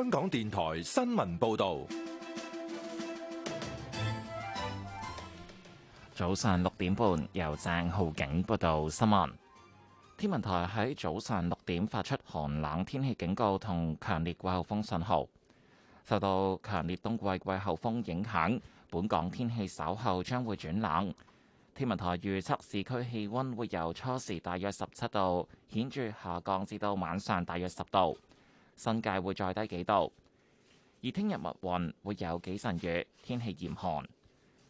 香港電台新聞報道，早上六點半，由鄭浩景報道新聞。天文台喺早上六點發出寒冷天氣警告同強烈季候風信號。受到強烈冬季季候風影響，本港天氣稍後將會轉冷。天文台預測市區氣溫會由初時大約十七度顯著下降至到晚上大約十度。新界會再低幾度，而聽日密雲會有幾陣雨，天氣嚴寒。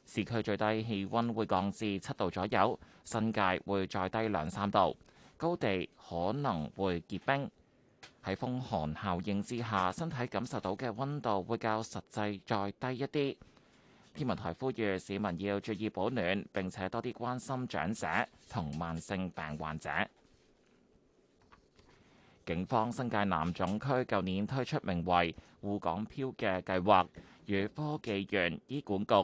市區最低氣温會降至七度左右，新界會再低兩三度，高地可能會結冰。喺風寒效應之下，身體感受到嘅温度會較實際再低一啲。天文台呼籲市民要注意保暖，並且多啲關心長者同慢性病患者。警方新界南總區舊年推出名為「護港漂」嘅計劃，與科技園、醫管局、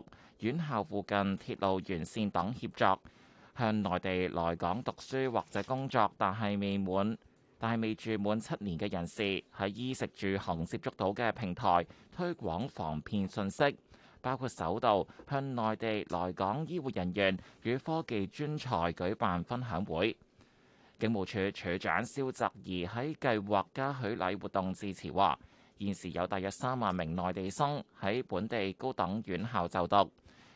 院校附近鐵路沿線等協作，向內地來港讀書或者工作但係未滿但係未住滿七年嘅人士，喺衣食住行接觸到嘅平台推廣防騙信息，包括首度向內地來港醫護人員與科技專才舉辦分享會。警務處處長蕭澤頤喺計劃嘉許禮活動致辭話：現時有大約三萬名內地生喺本地高等院校就讀，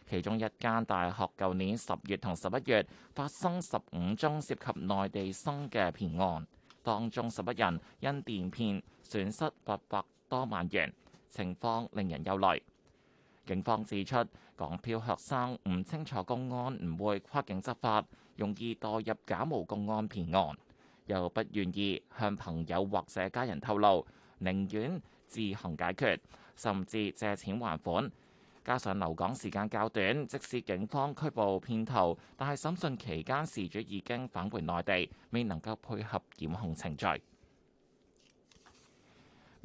其中一間大學舊年十月同十一月發生十五宗涉及內地生嘅騙案，當中十一人因電騙損失八百多萬元，情況令人憂慮。警方指出，港漂學生唔清楚公安唔會跨境執法。容易墮入假冒公安騙案，又不願意向朋友或者家人透露，寧願自行解決，甚至借錢還款。加上留港時間較短，即使警方拘捕騙徒，但係審訊期間事主已經返回內地，未能夠配合檢控程序。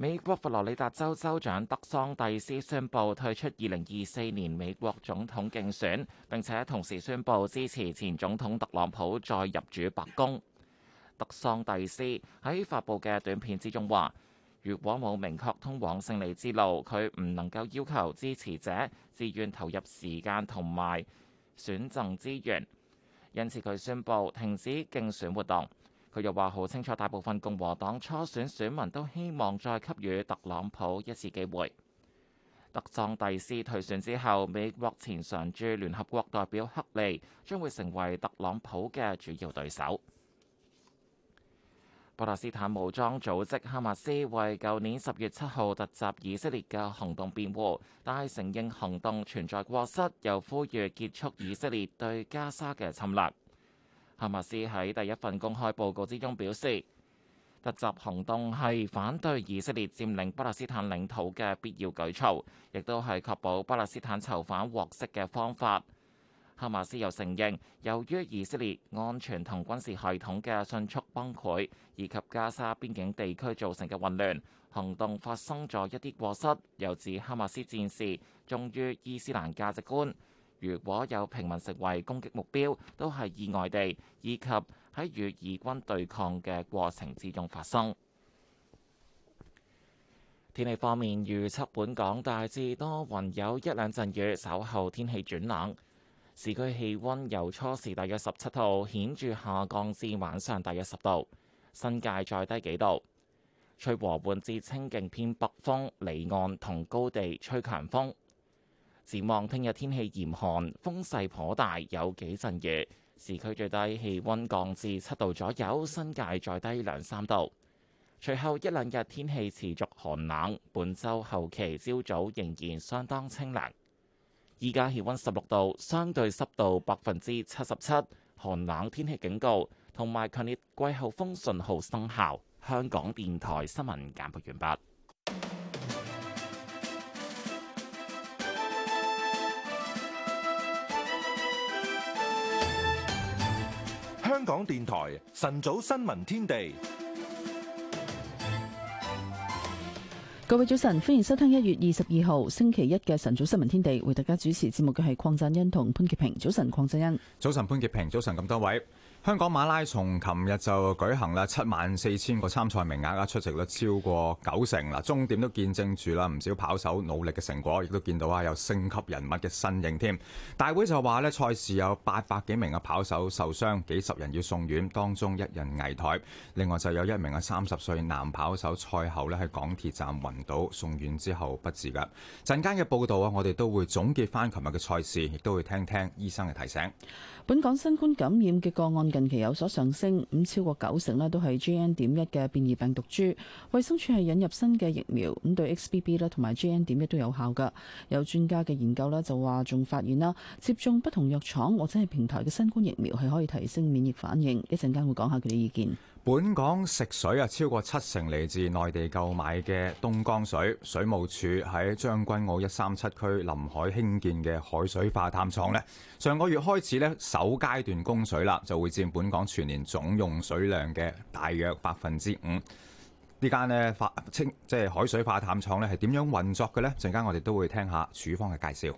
美國佛羅里達州州長德桑蒂斯宣布退出二零二四年美國總統競選，並且同時宣布支持前總統特朗普再入主白宮。德桑蒂斯喺發布嘅短片之中話：如果冇明確通往勝利之路，佢唔能夠要求支持者自願投入時間同埋選贈資源，因此佢宣布停止競選活動。佢又話好清楚，大部分共和黨初選選民都希望再給予特朗普一次機會。德桑蒂斯退選之後，美國前常駐聯合國代表克利將會成為特朗普嘅主要對手。巴勒斯坦武裝組織哈馬斯為舊年十月七號突襲以色列嘅行動辯護，但係承認行動存在過失，又呼籲結束以色列對加沙嘅侵略。哈馬斯喺第一份公開報告之中表示，突襲行動係反對以色列佔領巴勒斯坦領土嘅必要舉措，亦都係確保巴勒斯坦囚犯獲釋嘅方法。哈馬斯又承認，由於以色列安全同軍事系統嘅迅速崩潰，以及加沙邊境地區造成嘅混亂，行動發生咗一啲過失，由自哈馬斯戰士忠於伊斯蘭價值觀。如果有平民成為攻擊目標，都係意外地，以及喺與以軍對抗嘅過程之中發生。天氣方面預測，本港大致多雲，有一兩陣雨，稍後天氣轉冷。市區氣温由初時大約十七度顯著下降至晚上大約十度，新界再低幾度。吹和緩至清勁偏北風，離岸同高地吹強風。展望聽日天氣嚴寒，風勢頗大，有幾陣雨。市區最低氣溫降至七度左右，新界再低兩三度。隨後一兩日天氣持續寒冷，本周後期朝早仍然相當清涼，依家氣溫十六度，相對濕度百分之七十七，寒冷天氣警告同埋強烈季候風信號生效。香港電台新聞簡報完畢。香港電台晨早新聞天地，各位早晨，歡迎收聽一月二十二號星期一嘅晨早新聞天地，為大家主持節目嘅係鄺振欣同潘潔平。早晨，鄺振欣，早晨，潘潔平，早晨，咁多位。香港馬拉松琴日就舉行啦，七萬四千個參賽名額啊，出席率超過九成。嗱，終點都見證住啦，唔少跑手努力嘅成果，亦都見到啊，有升級人物嘅身影添。大會就話咧，賽事有八百幾名嘅跑手受傷，幾十人要送院，當中一人危殆。另外就有一名嘅三十歲男跑手賽後咧，喺港鐵站暈倒，送院之後不治㗎。陣間嘅報道啊，我哋都會總結翻琴日嘅賽事，亦都會聽聽醫生嘅提醒。本港新冠感染嘅個案近期有所上升，咁超過九成咧都係 JN 點一嘅變異病毒株。衛生署係引入新嘅疫苗，咁對 XBB 啦同埋 JN 點一都有效噶。有專家嘅研究咧就話仲發現啦，接種不同藥廠或者係平台嘅新冠疫苗係可以提升免疫反應，一陣間會講下佢哋意見。本港食水啊，超過七成嚟自內地購買嘅東江水。水務署喺將軍澳一三七區臨海興建嘅海水化淡廠咧，上個月開始咧首階段供水啦，就會佔本港全年總用水量嘅大約百分之五。呢間咧化清即係海水化淡廠咧，係點樣運作嘅呢？陣間我哋都會聽下署方嘅介紹。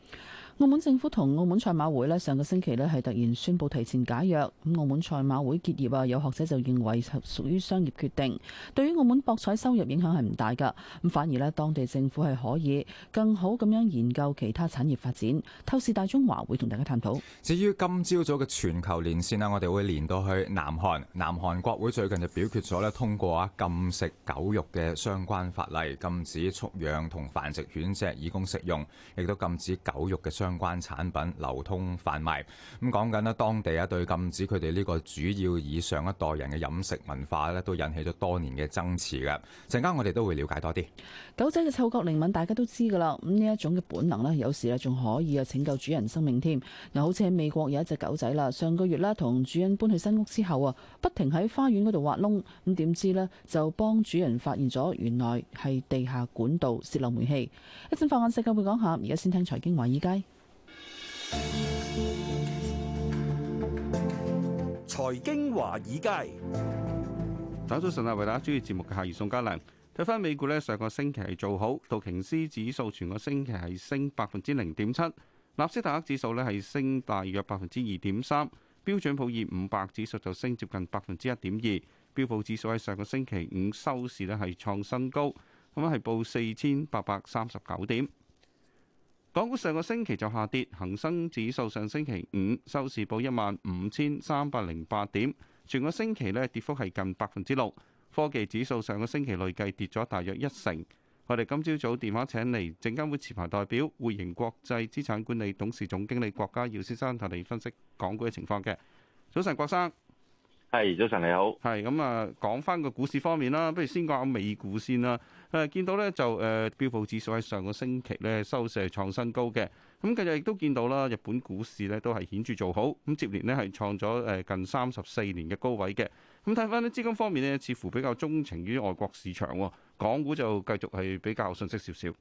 澳門政府同澳門賽馬會呢，上個星期呢係突然宣布提前解約。咁澳門賽馬會結業啊，有學者就認為屬屬於商業決定，對於澳門博彩收入影響係唔大噶。咁反而呢，當地政府係可以更好咁樣研究其他產業發展。透視大中華會同大家探討。至於今朝早嘅全球連線啊，我哋會連到去南韓。南韓國會最近就表決咗呢，通過啊禁食狗肉嘅相關法例，禁止畜養同繁殖犬隻以供食用，亦都禁止狗肉嘅相關產品流通販賣咁講緊咧，當地啊對禁止佢哋呢個主要以上一代人嘅飲食文化咧，都引起咗多年嘅爭持。嘅陣間，我哋都會了解多啲。狗仔嘅嗅覺靈敏，大家都知噶啦。咁呢一種嘅本能呢，有時咧仲可以啊拯救主人生命添嗱。好似喺美國有一隻狗仔啦，上個月咧同主人搬去新屋之後啊，不停喺花園嗰度挖窿咁，點知呢？就幫主人發現咗，原來係地下管道泄漏煤氣。一陣放眼世界會講下，而家先聽財經華爾街。財經華爾街，早早晨啊，為大家主持節目嘅係宋嘉良。睇翻美股呢，上個星期係做好，道瓊斯指數全個星期係升百分之零點七，納斯達克指數呢係升大約百分之二點三，標準普爾五百指數就升接近百分之一點二，標普指數喺上個星期五收市呢係創新高，咁係報四千八百三十九點。港股上個星期就下跌，恒生指數上星期五收市報一萬五千三百零八點，全個星期咧跌幅係近百分之六。科技指數上個星期累計跌咗大約一成。我哋今朝早電話請嚟證監會持牌代表匯盈國際資產管理董事總經理郭家耀先生，同你分析港股嘅情況嘅。早晨，郭生，係早晨，你好。係咁啊，講翻個股市方面啦，不如先講下美股先啦。誒見到咧就誒、呃、標普指數喺上個星期咧收市係創新高嘅，咁近日亦都見到啦，日本股市咧都係顯著做好，咁接連咧係創咗誒近三十四年嘅高位嘅，咁睇翻啲資金方面咧，似乎比較鍾情於外國市場，港股就繼續係比較遜息少少。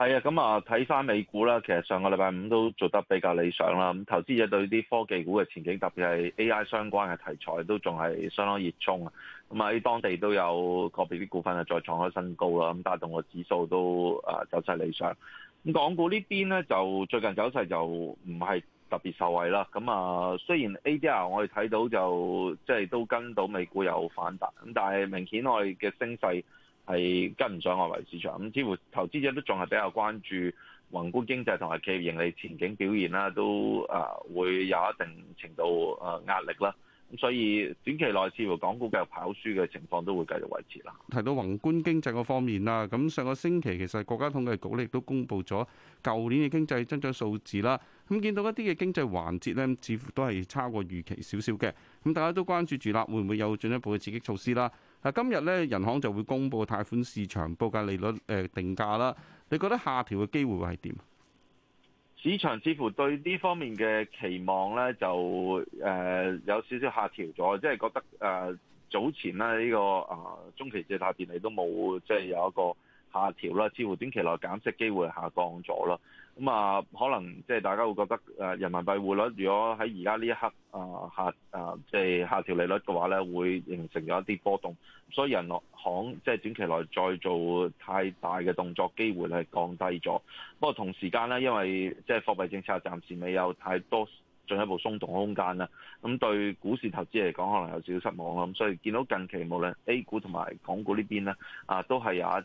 係啊，咁啊睇返美股啦，其實上個禮拜五都做得比較理想啦。咁投資者對啲科技股嘅前景，特別係 AI 相關嘅題材，都仲係相當熱衷啊。咁喺當地都有個別啲股份啊，再創咗新高啦。咁帶動個指數都啊走勢理想。咁港股呢邊咧，就最近走勢就唔係特別受惠啦。咁啊，雖然 ADR 我哋睇到就即係都跟到美股有反彈，咁但係明顯我哋嘅升勢係跟唔上外圍市場咁，似乎投資者都仲係比較關注宏觀經濟同埋企業盈利前景表現啦，都啊會有一定程度誒壓力啦。咁所以短期內似乎港股繼續跑輸嘅情況都會繼續維持啦。提到宏觀經濟嗰方面啦，咁上個星期其實國家統計局咧亦都公布咗舊年嘅經濟增長數字啦。咁見到一啲嘅經濟環節呢，似乎都係差過預期少少嘅。咁大家都關注住啦，會唔會有進一步嘅刺激措施啦？嗱，今日咧，人行就會公布貸款市場報價利率誒定價啦。你覺得下調嘅機會會係點？市場似乎對呢方面嘅期望咧，就誒、呃、有少少下調咗，即係覺得誒、呃、早前咧呢、這個啊、呃、中期借貸便利都冇，即係有一個下調啦，似乎短期內減息機會下降咗啦。咁啊，可能即係大家會覺得誒人民幣匯率，如果喺而家呢一刻啊下誒，即係下調利率嘅話咧，會形成咗一啲波動。所以人行即係短期內再做太大嘅動作，機會係降低咗。不過同時間咧，因為即係貨幣政策暫時未有太多進一步鬆動空間啦。咁對股市投資嚟講，可能有少少失望啦。咁所以見到近期無論 A 股同埋港股呢邊咧，啊都係有一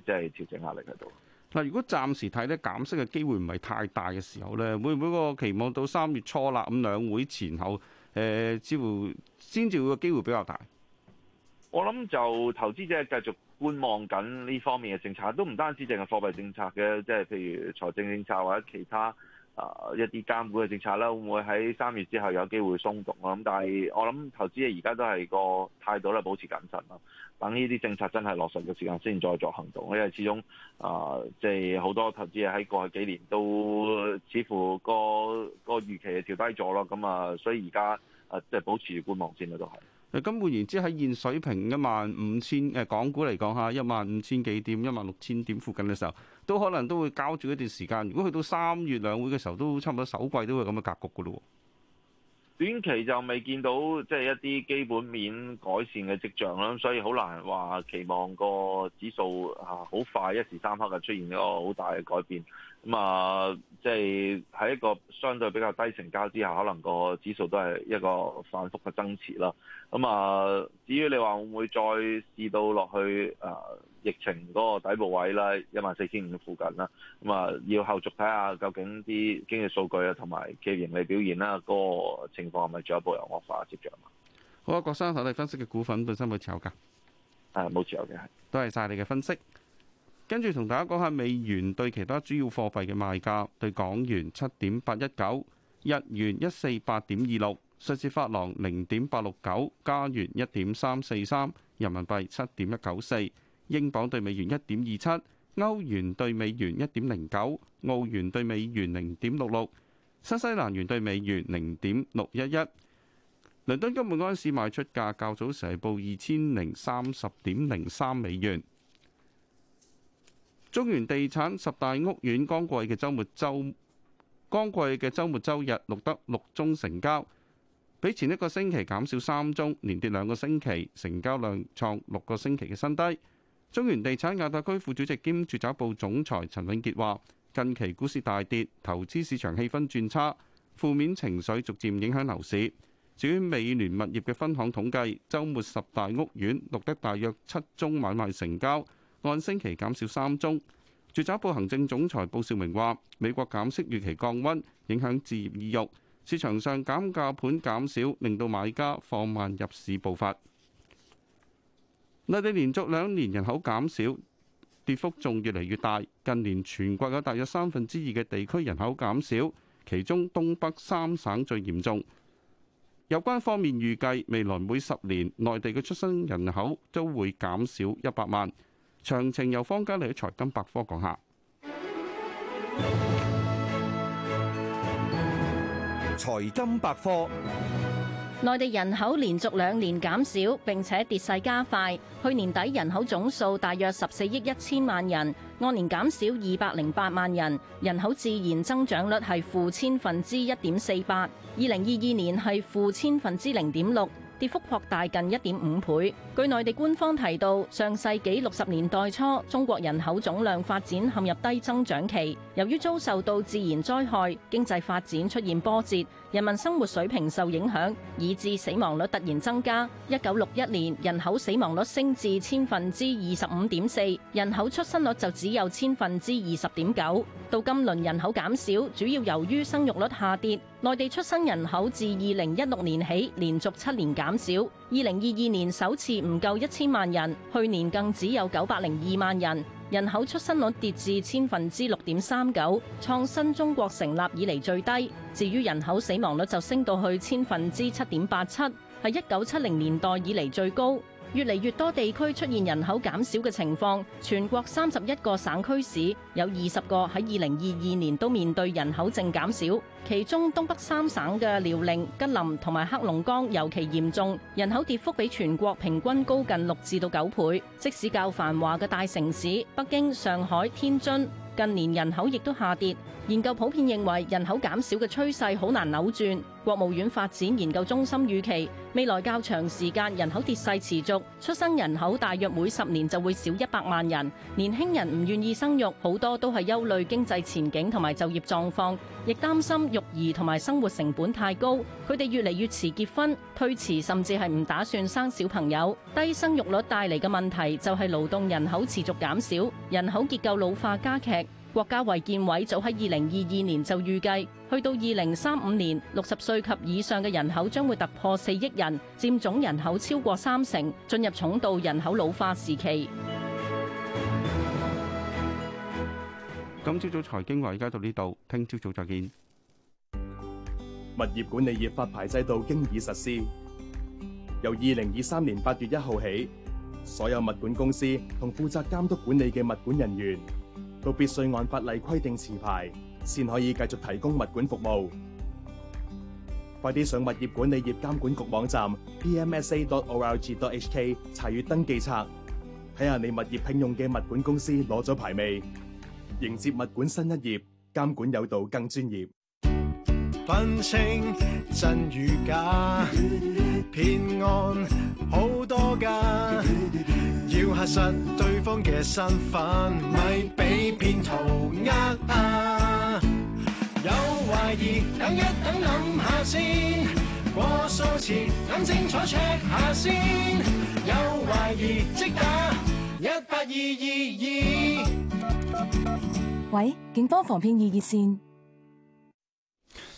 啲即係調整壓力喺度。嗱，如果暫時睇咧減息嘅機會唔係太大嘅時候咧，會唔會個期望到三月初啦？咁兩會前後，誒似乎先至會個機會比較大。我諗就投資者繼續觀望緊呢方面嘅政策，都唔單止淨係貨幣政策嘅，即係譬如財政政策或者其他。啊！一啲監管嘅政策啦，會唔會喺三月之後有機會鬆動啊？咁但係我諗投資者而家都係個態度咧，保持謹慎咯。等呢啲政策真係落實嘅時間先再作行動，因為始終啊，即係好多投資者喺過去幾年都似乎個個預期係調低咗咯。咁啊，所以而家啊，即、呃、係保持觀望先咯，都係。根本，換言之，喺現水平一萬五千，呃，港股嚟講吓，一萬五千幾點、一萬六千點附近嘅時候。都可能都會交住一段時間。如果去到三月兩會嘅時候，都差唔多首季都會咁嘅格局㗎咯。短期就未見到即係、就是、一啲基本面改善嘅跡象啦，所以好難話期望個指數啊好快一時三刻就出現一個好大嘅改變。咁啊、嗯，即係喺一個相對比較低成交之下，可能個指數都係一個反復嘅增持啦。咁、嗯、啊，至於你話會唔會再試到落去誒、呃、疫情嗰個底部位啦，一萬四千五附近啦。咁、嗯、啊、嗯，要後續睇下究竟啲經濟數據啊，同埋企業盈利表現啦，嗰、那個情況係咪進一步有惡化接住啊？好啊，郭生，頭先分析嘅股份本身有冇持有噶？誒、嗯，冇持有嘅，多謝係晒你嘅分析。跟住同大家講下美元對其他主要貨幣嘅賣價，對港元七點八一九，日元一四八點二六，瑞士法郎零點八六九，加元一點三四三，人民幣七點一九四，英鎊對美元一點二七，歐元對美元一點零九，澳元對美元零點六六，新西蘭元對美元零點六一一。倫敦金門安市賣出價較早時係報二千零三十點零三美元。中原地產十大屋苑剛過嘅周末周，剛過嘅周末周日錄得六宗成交，比前一個星期減少三宗，連跌兩個星期，成交量創六個星期嘅新低。中原地產亞太區副主席兼住宅部總裁陳永傑話，近期股市大跌，投資市場氣氛轉差，負面情緒逐漸影響樓市。至於美聯物業嘅分行統計，周末十大屋苑錄得大約七宗買賣成交。按星期減少三宗。住宅部行政總裁布少明話：美國減息預期降溫，影響置業意欲，市場上減價盤減少，令到買家放慢入市步伐。內地連續兩年人口減少，跌幅仲越嚟越大。近年全國有大約三分之二嘅地區人口減少，其中東北三省最嚴重。有關方面預計未來每十年內地嘅出生人口都會減少一百萬。詳情由方家麗喺財金百科講下。財金百科，內地人口連續兩年減少，並且跌勢加快。去年底人口總數大約十四億一千萬人，按年減少二百零八萬人，人口自然增長率係負千分之一點四八，二零二二年係負千分之零點六。跌幅擴大近一點五倍。據內地官方提到，上世紀六十年代初，中國人口總量發展陷入低增長期，由於遭受到自然災害，經濟發展出現波折。人民生活水平受影響，以致死亡率突然增加。一九六一年人口死亡率升至千分之二十五點四，人口出生率就只有千分之二十點九。到今輪人口減少，主要由於生育率下跌。內地出生人口自二零一六年起連續七年減少，二零二二年首次唔夠一千萬人，去年更只有九百零二萬人。人口出生率跌至千分之六點三九，創新中國成立以嚟最低。至於人口死亡率就升到去千分之七點八七，係一九七零年代以嚟最高。越嚟越多地區出現人口減少嘅情況，全國三十一個省區市，有二十個喺二零二二年都面對人口淨減少。其中東北三省嘅遼寧、吉林同埋黑龍江尤其嚴重，人口跌幅比全國平均高近六至到九倍，即使較繁華嘅大城市，北京、上海、天津近年人口亦都下跌，研究普遍認為人口減少嘅趨勢好難扭轉。國務院發展研究中心預期，未來較長時間人口跌勢持續，出生人口大約每十年就會少一百萬人。年輕人唔願意生育，好多都係憂慮經濟前景同埋就業狀況，亦擔心育兒同埋生活成本太高。佢哋越嚟越遲結婚，推遲甚至係唔打算生小朋友。低生育率帶嚟嘅問題就係勞動人口持續減少，人口結構老化加劇。國家衛健委早喺二零二二年就預計，去到二零三五年，六十歲及以上嘅人口將會突破四億人，佔總人口超過三成，進入重度人口老化時期。今朝早財經為大家到呢度，聽朝早再見。物業管理業發牌制度經已實施，由二零二三年八月一號起，所有物管公司同負責監督管理嘅物管人員。都必須按法例規定持牌，先可以繼續提供物管服務。快啲上物業管理業監管局網站 pmsa.org.hk 查閲登記冊，睇下你物業聘用嘅物管公司攞咗牌未。迎接物管新一頁，監管有道更專業。分清真與假，騙案好多㗎。要核實對方嘅身份，咪俾騙徒呃啊！有懷疑，等一等諗下先，過數前諗清楚 check 下先。有懷疑即打一八二二二。喂，警方防騙二熱線。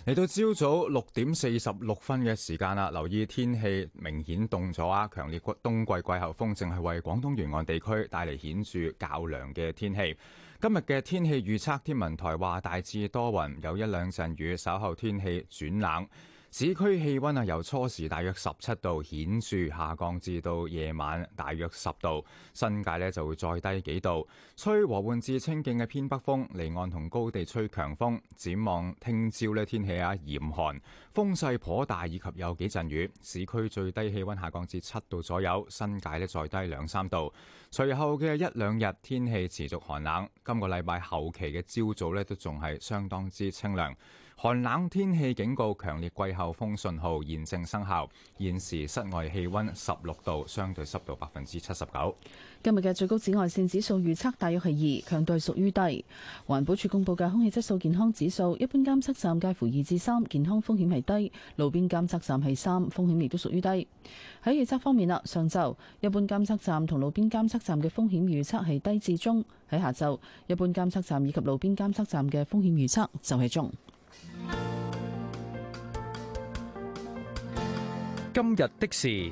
嚟到朝早六點四十六分嘅時間啦，留意天氣明顯凍咗啊！強烈冬季冬季季候風正係為廣東沿岸地區帶嚟顯著較涼嘅天氣。今日嘅天氣預測，天文台話大致多雲，有一兩陣雨，稍後天氣轉冷。市區氣溫啊，由初時大約十七度顯著下降至到夜晚大約十度，新界咧，就會再低幾度，吹和緩至清勁嘅偏北風，離岸同高地吹強風。展望聽朝咧，天氣啊嚴寒，風勢頗大，以及有幾陣雨。市區最低氣溫下降至七度左右，新界咧，再低兩三度。隨後嘅一兩日天氣持續寒冷，今個禮拜後期嘅朝早咧都仲係相當之清涼。寒冷天氣警告、強烈季候風信號現正生效。現時室外氣溫十六度，相對濕度百分之七十九。今日嘅最高紫外線指數預測大約係二，強度屬於低。環保署公布嘅空氣質素健康指數，一般監測站介乎二至三，健康風險係低；路邊監測站係三，風險亦都屬於低。喺預測方面啦，上晝一般監測站同路邊監測站嘅風險預測係低至中；喺下晝，一般監測站以及路邊監測站嘅風險預測就係中。今日的事，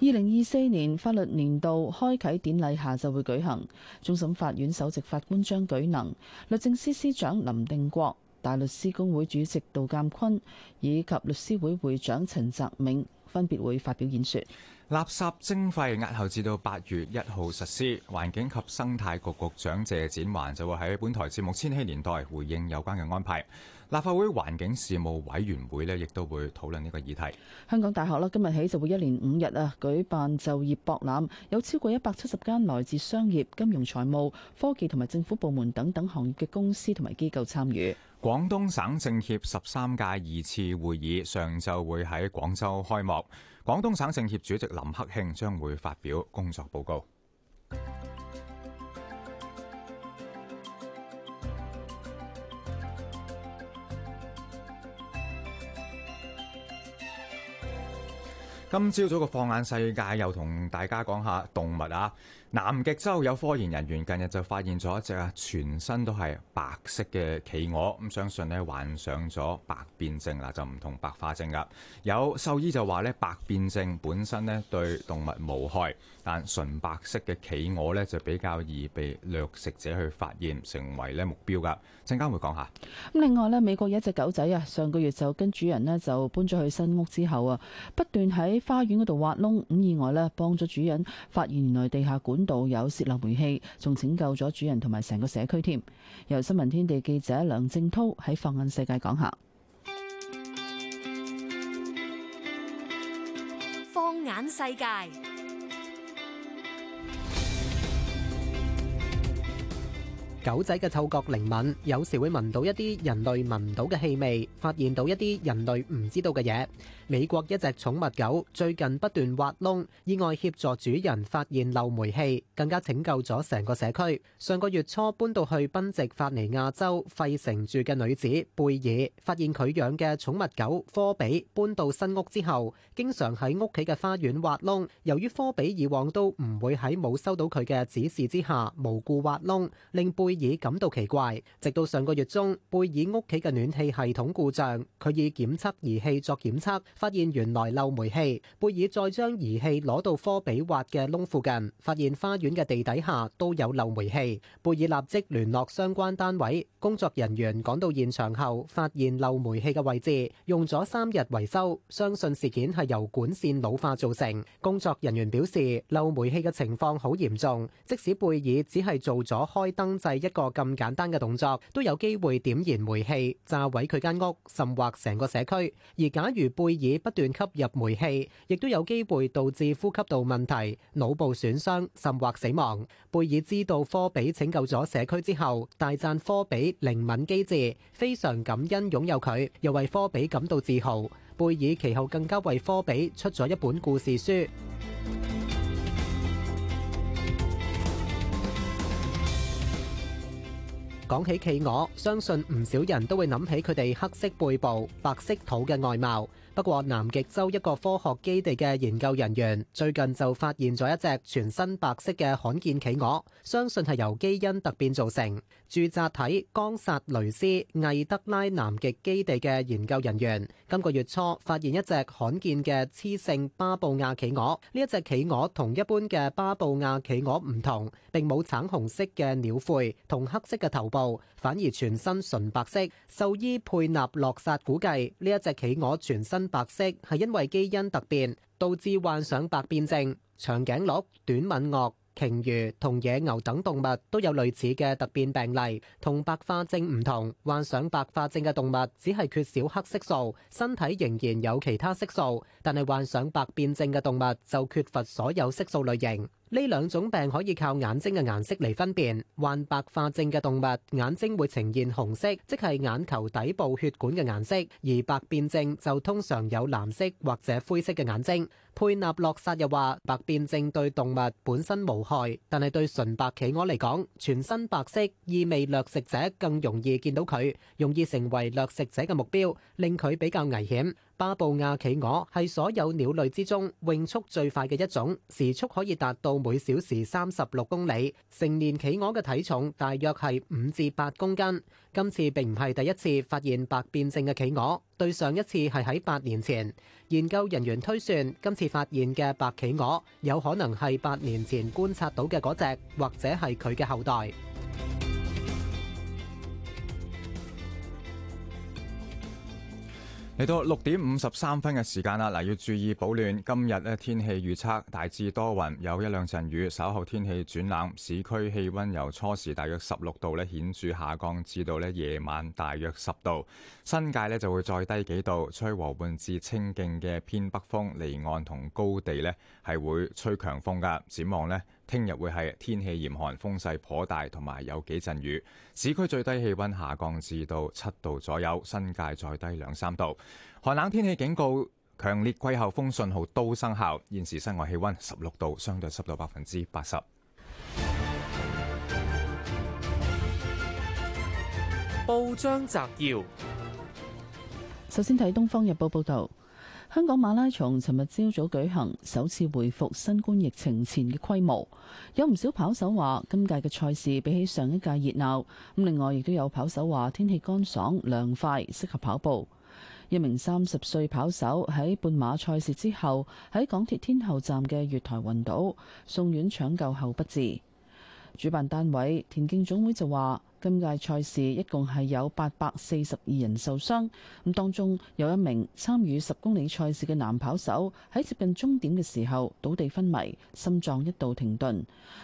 二零二四年法律年度開啟典禮下晝會舉行，終審法院首席法官張舉能，律政司司長林定國、大律師公會主席杜鑒坤以及律師會會長陳澤銘。分別會發表演說。垃圾徵費押後至到八月一號實施。環境及生態局局長謝展寰就會喺本台節目《千禧年代》回應有關嘅安排。立法會環境事務委員會咧，亦都會討論呢個議題。香港大學啦，今日起就會一連五日啊舉辦就業博覽，有超過一百七十間來自商業、金融、財務、科技同埋政府部門等等行業嘅公司同埋機構參與。廣東省政協十三屆二次會議上晝會喺廣州開幕，廣東省政協主席林克慶將會發表工作報告。今朝早個放眼世界又同大家講下動物啊，南極洲有科研人員近日就發現咗一隻全身都係白色嘅企鵝，咁相信咧患上咗白變症啦，就唔同白化症噶。有獸醫就話咧，白變症本身咧對動物無害。但純白色嘅企鵝呢，就比較易被掠食者去發現，成為咧目標㗎。陣間會講下。咁另外咧，美國有一隻狗仔啊，上個月就跟主人呢，就搬咗去新屋之後啊，不斷喺花園嗰度挖窿，咁意外呢，幫咗主人發現原來地下管道有泄漏煤氣，仲拯救咗主人同埋成個社區添。由新聞天地記者梁正滔喺放眼世界講下。放眼世界。狗仔嘅嗅覺靈敏，有時會聞到一啲人類聞唔到嘅氣味，發現到一啲人類唔知道嘅嘢。美國一隻寵物狗最近不斷挖窿，意外協助主人發現漏煤氣，更加拯救咗成個社區。上個月初搬到去賓夕法尼亞州費城住嘅女子貝爾，發現佢養嘅寵物狗科比搬到新屋之後，經常喺屋企嘅花園挖窿。由於科比以往都唔會喺冇收到佢嘅指示之下無故挖窿，令貝貝爾感到奇怪，直到上個月中，貝爾屋企嘅暖氣系統故障，佢以檢測儀器作檢測，發現原來漏煤氣。貝爾再將儀器攞到科比挖嘅窿附近，發現花園嘅地底下都有漏煤氣。貝爾立即聯絡相關單位，工作人員趕到現場後，發現漏煤氣嘅位置，用咗三日維修。相信事件係由管線老化造成。工作人員表示，漏煤氣嘅情況好嚴重，即使貝爾只係做咗開燈掣。一個咁簡單嘅動作都有機會點燃煤氣炸毀佢間屋，甚或成個社區。而假如貝爾不斷吸入煤氣，亦都有機會導致呼吸道問題、腦部損傷，甚或死亡。貝爾知道科比拯救咗社區之後，大贊科比靈敏機智，非常感恩擁有佢，又為科比感到自豪。貝爾其後更加為科比出咗一本故事書。講起企鵝，相信唔少人都會諗起佢哋黑色背部、白色肚嘅外貌。不過，南極洲一個科學基地嘅研究人員最近就發現咗一隻全身白色嘅罕見企鵝，相信係由基因突變造成。駐紮喺岡薩雷斯魏德拉南極基地嘅研究人員今個月初發現一隻罕見嘅雌性巴布亞企鵝，呢一隻企鵝同一般嘅巴布亞企鵝唔同，並冇橙紅色嘅鳥喙同黑色嘅頭部。反而全身純白色，獸醫佩納洛薩估計呢一隻企鵝全身白色係因為基因突變導致患上白變症。長頸鹿、短吻鱷、鯨魚同野牛等動物都有類似嘅突變病例。同白化症唔同，患上白化症嘅動物只係缺少黑色素，身體仍然有其他色素，但係患上白變症嘅動物就缺乏所有色素類型。呢兩種病可以靠眼睛嘅顏色嚟分辨，患白化症嘅動物眼睛會呈現紅色，即係眼球底部血管嘅顏色；而白變症就通常有藍色或者灰色嘅眼睛。佩納洛薩又話：白變症對動物本身無害，但係對純白企鵝嚟講，全身白色意味掠食者更容易見到佢，容易成為掠食者嘅目標，令佢比較危險。巴布亞企鵝係所有鳥類之中泳速最快嘅一種，時速可以達到每小時三十六公里。成年企鵝嘅體重大約係五至八公斤。今次並唔係第一次發現白變性嘅企鵝，對上一次係喺八年前。研究人員推算，今次發現嘅白企鵝有可能係八年前觀察到嘅嗰隻，或者係佢嘅後代。嚟到六點五十三分嘅時間啦，嗱，要注意保暖。今日呢天氣預測大致多雲，有一兩陣雨，稍後天氣轉冷。市區氣溫由初時大約十六度呢顯著下降，至到呢夜晚大約十度。新界呢就會再低幾度，吹和緩至清勁嘅偏北風，離岸同高地呢係會吹強風噶。展望呢。聽日會係天氣嚴寒，風勢頗大，同埋有幾陣雨。市區最低氣溫下降至到七度左右，新界再低兩三度。寒冷天氣警告、強烈季候風信號都生效。現時室外氣溫十六度，相對濕度百分之八十。報章摘要：首先睇《東方日報》報道。香港馬拉松尋日朝早舉行，首次回復新冠疫情前嘅規模，有唔少跑手話今屆嘅賽事比起上一屆熱鬧。咁另外亦都有跑手話天氣乾爽涼快，適合跑步。一名三十歲跑手喺半馬賽事之後，喺港鐵天后站嘅月台暈倒，送院搶救後不治。主辦單位田徑總會就話，今屆賽事一共係有八百四十二人受傷，咁當中有一名參與十公里賽事嘅男跑手喺接近終點嘅時候倒地昏迷，心臟一度停頓，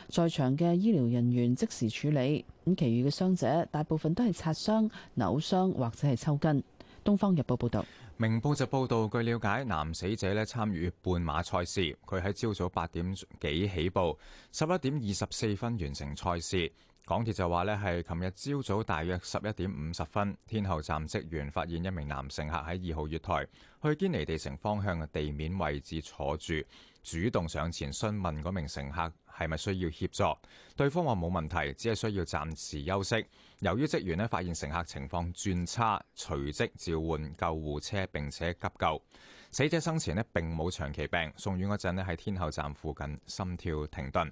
在場嘅醫療人員即時處理，咁其餘嘅傷者大部分都係擦傷、扭傷或者係抽筋。東方日報報道。明報就報道，據了解，男死者呢參與半馬賽事，佢喺朝早八點幾起步，十一點二十四分完成賽事。港鐵就話呢係琴日朝早大約十一點五十分，天后站職員發現一名男乘客喺二號月台去堅尼地城方向嘅地面位置坐住，主動上前詢問嗰名乘客。係咪需要協助？對方話冇問題，只係需要暫時休息。由於職員咧發現乘客情況轉差，隨即召喚救護車並且急救。死者生前咧並冇長期病，送院嗰陣喺天后站附近心跳停頓。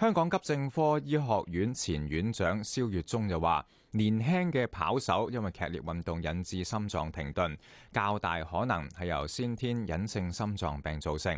香港急症科醫學院前院長蕭月忠又話。年輕嘅跑手因為劇烈運動引致心臟停頓，較大可能係由先天隱性心臟病造成。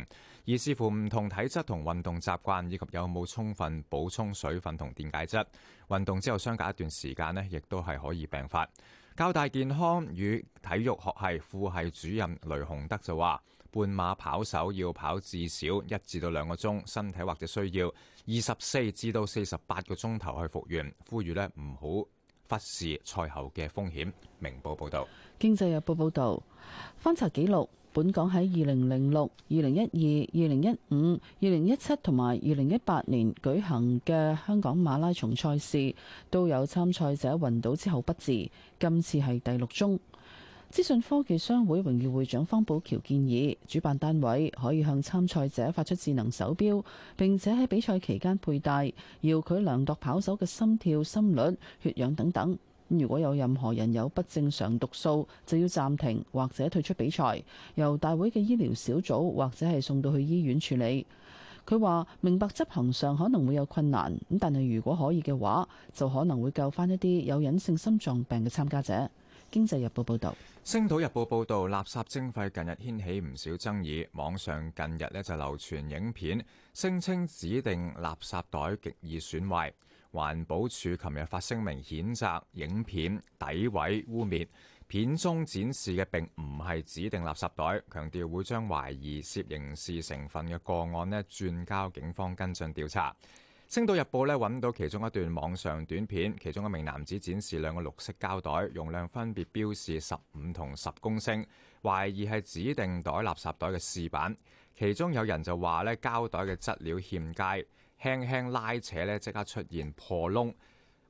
而視乎唔同體質同運動習慣，以及有冇充分補充水分同電解質，運動之後相隔一段時間呢，亦都係可以病發。教大健康與體育學系副系主任雷雄德就話，半馬跑手要跑至少一至到兩個鐘，身體或者需要二十四至到四十八個鐘頭去復原。呼籲呢唔好忽視賽後嘅風險。明報報道，經濟日報報道，翻查紀錄，本港喺二零零六、二零一二、二零一五、二零一七同埋二零一八年舉行嘅香港馬拉松賽事，都有參賽者暈倒之後不治，今次係第六宗。資訊科技商會榮譽會長方寶橋建議，主辦單位可以向參賽者發出智能手錶，並且喺比賽期間佩戴，要佢量度跑手嘅心跳、心率、血氧等等。如果有任何人有不正常讀數，就要暫停或者退出比賽，由大會嘅醫療小組或者係送到去醫院處理。佢話明白執行上可能會有困難，咁但係如果可以嘅話，就可能會救翻一啲有隱性心臟病嘅參加者。經濟日報報導。星島日報報導，垃圾徵費近日掀起唔少爭議。網上近日呢就流傳影片，聲稱指定垃圾袋極易損壞。環保署琴日發聲明譴責影片，詆毀污蔑。片中展示嘅並唔係指定垃圾袋，強調會將懷疑涉刑事成分嘅個案呢轉交警方跟進調查。星島日報呢揾到其中一段網上短片，其中一名男子展示兩個綠色膠袋，容量分別標示十五同十公升，懷疑係指定袋垃圾袋嘅試版。其中有人就話呢，膠袋嘅質料欠佳，輕輕拉扯呢即刻出現破窿。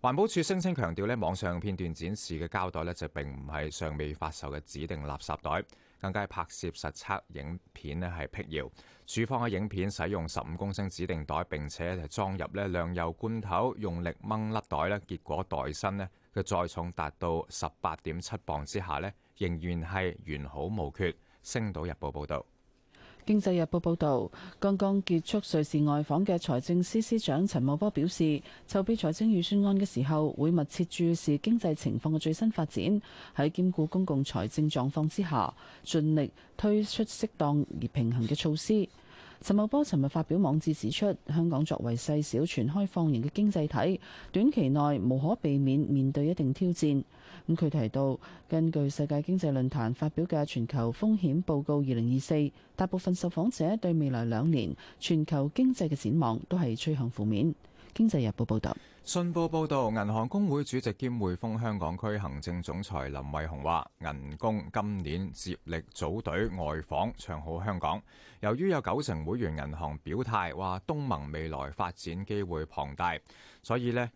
環保署聲稱強調呢，網上片段展示嘅膠袋呢就並唔係尚未發售嘅指定垃圾袋。更加係拍攝實測影片咧係辟謠，署方嘅影片使用十五公升指定袋，並且係裝入咧糧油罐頭，用力掹甩袋咧，結果袋身咧嘅載重達到十八點七磅之下咧，仍然係完好無缺。星島日報報道。經濟日報報導，剛剛結束瑞士外訪嘅財政司司長陳茂波表示，籌備財政預算案嘅時候，會密切注視經濟情況嘅最新發展，喺兼顧公共財政狀況之下，盡力推出適當而平衡嘅措施。陳茂波尋日發表網誌指出，香港作為細小，小全開放型嘅經濟體，短期內無可避免面對一定挑戰。咁佢提到，根據世界經濟論壇發表嘅全球風險報告二零二四，大部分受訪者對未來兩年全球經濟嘅展望都係趨向負面。經濟日報報道、信報報道，銀行公會主席兼匯豐香港區行政總裁林慧虹話：，銀工今年接力組隊外訪，唱好香港。由於有九成會員銀行表態話，東盟未來發展機會龐大，所以呢，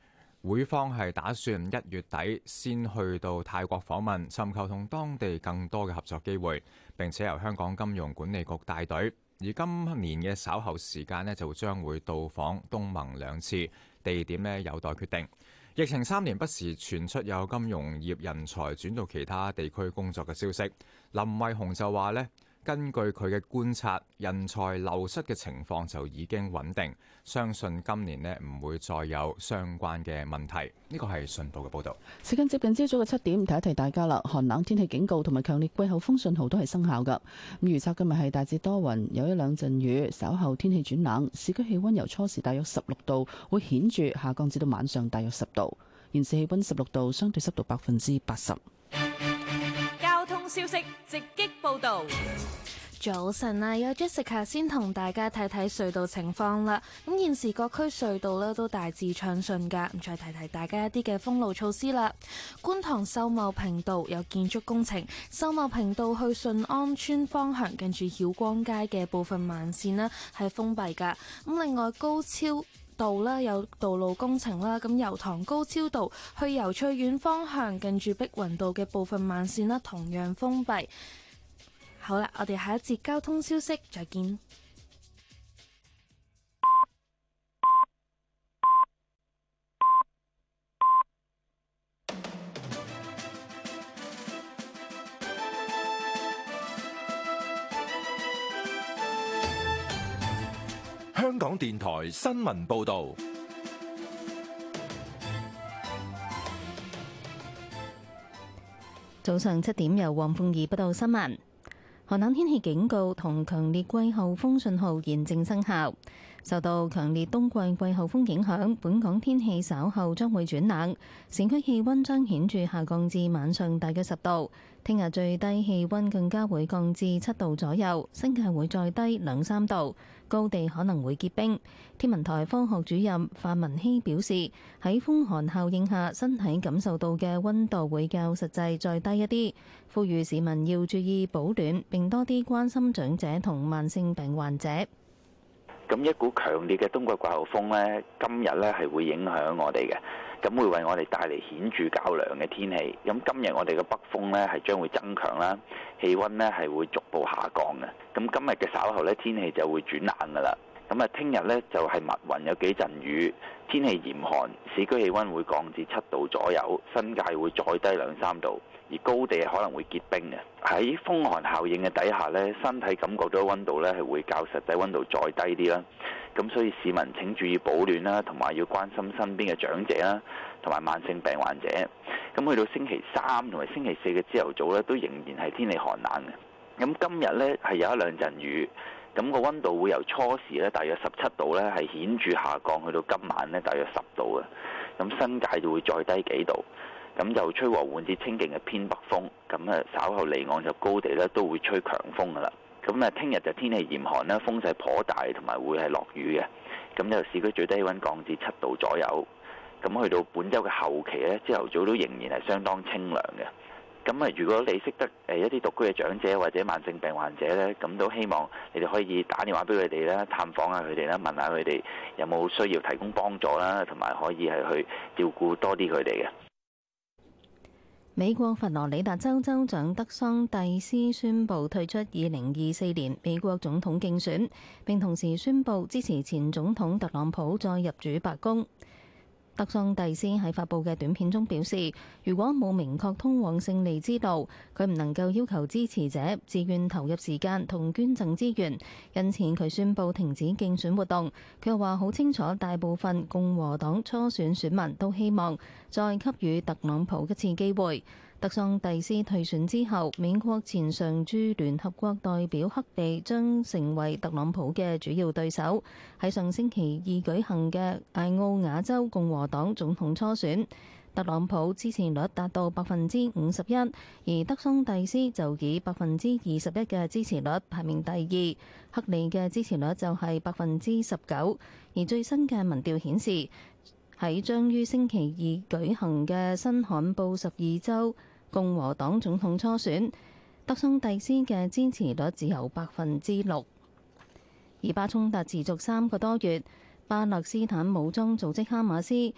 會方係打算一月底先去到泰國訪問，尋求同當地更多嘅合作機會，並且由香港金融管理局帶隊。而今年嘅稍後時間咧，就將會到訪東盟兩次，地點咧有待決定。疫情三年不時傳出有金融業人才轉到其他地區工作嘅消息，林慧雄就話呢。」根據佢嘅觀察，人才流失嘅情況就已經穩定，相信今年呢唔會再有相關嘅問題。呢個係信報嘅報導。時間接近朝早嘅七點，提一提大家啦，寒冷天氣警告同埋強烈季候風信號都係生效㗎。咁預測今日係大致多雲，有一兩陣雨，稍後天氣轉冷，市區氣溫由初時大約十六度，會顯著下降至到晚上大約十度。現時氣温十六度，相對濕度百分之八十。消息直擊報道，早晨啊，有 Jessica 先同大家睇睇隧道情況啦。咁現時各區隧道呢都大致暢順㗎，咁再提提大家一啲嘅封路措施啦。觀塘秀茂坪道有建築工程，秀茂坪道去順安村方向，跟住曉光街嘅部分慢線呢係封閉㗎。咁另外高超道啦，有道路工程啦，咁油塘高超道去油翠苑方向，近住碧雲道嘅部分慢線啦，同樣封閉。好啦，我哋下一節交通消息再見。香港電台新聞報道：早上七點，由黃鳳儀報道新聞。寒冷天氣警告同強烈季候風信號現正生效。受到強烈冬季季候風影響，本港天氣稍後將會轉冷，市區氣温將顯著下降至晚上大約十度。聽日最低氣温更加會降至七度左右，新界會再低兩三度。高地可能會結冰。天文台科學主任范文希表示，喺風寒效應下，身體感受到嘅温度會較實際再低一啲。呼籲市民要注意保暖，並多啲關心長者同慢性病患者。咁一股強烈嘅冬季季候風呢，今日呢係會影響我哋嘅。咁會為我哋帶嚟顯著較涼嘅天氣。咁今日我哋嘅北風呢係將會增強啦，氣温呢係會逐步下降嘅。咁今日嘅稍後呢，天氣就會轉冷噶啦。咁啊，聽日呢，就係密雲有幾陣雨，天氣嚴寒，市區氣温會降至七度左右，新界會再低兩三度。而高地可能會結冰嘅，喺風寒效應嘅底下呢，身體感覺到温度呢係會較實際温度再低啲啦。咁所以市民請注意保暖啦，同埋要關心身邊嘅長者啦，同埋慢性病患者。咁去到星期三同埋星期四嘅朝頭早呢，都仍然係天氣寒冷嘅。咁今日呢係有一兩陣雨，咁個温度會由初時呢大約十七度呢係顯著下降，去到今晚呢大約十度啊。咁新界就會再低幾度。咁就吹和緩至清勁嘅偏北風，咁啊，稍後離岸就高地呢都會吹強風噶啦。咁啊，聽日就天氣嚴寒啦，風勢頗大，同埋會係落雨嘅。咁由市區最低温降至七度左右。咁去到本週嘅後期呢，朝頭早都仍然係相當清涼嘅。咁啊，如果你識得誒一啲獨居嘅長者或者慢性病患者呢，咁都希望你哋可以打電話俾佢哋啦，探訪下佢哋啦，問下佢哋有冇需要提供幫助啦，同埋可以係去照顧多啲佢哋嘅。美國佛羅里達州州長德桑蒂斯宣布退出二零二四年美國總統競選，並同時宣布支持前總統特朗普再入主白宮。桑蒂斯喺發佈嘅短片中表示，如果冇明確通往勝利之道，佢唔能夠要求支持者自願投入時間同捐贈資源。因此佢宣布停止競選活動，佢又話好清楚，大部分共和黨初選選民都希望再給予特朗普一次機會。德桑蒂斯退選之後，美國前常駐聯合國代表克利將成為特朗普嘅主要對手。喺上星期二舉行嘅艾奧瓦州共和黨總統初選，特朗普支持率達到百分之五十一，而德桑蒂斯就以百分之二十一嘅支持率排名第二。克利嘅支持率就係百分之十九。而最新嘅民調顯示，喺將於星期二舉行嘅新罕布十二州共和黨總統初選，德桑蒂斯嘅支持率只有百分之六，而巴衝突持續三個多月，巴勒斯坦武裝組織哈馬斯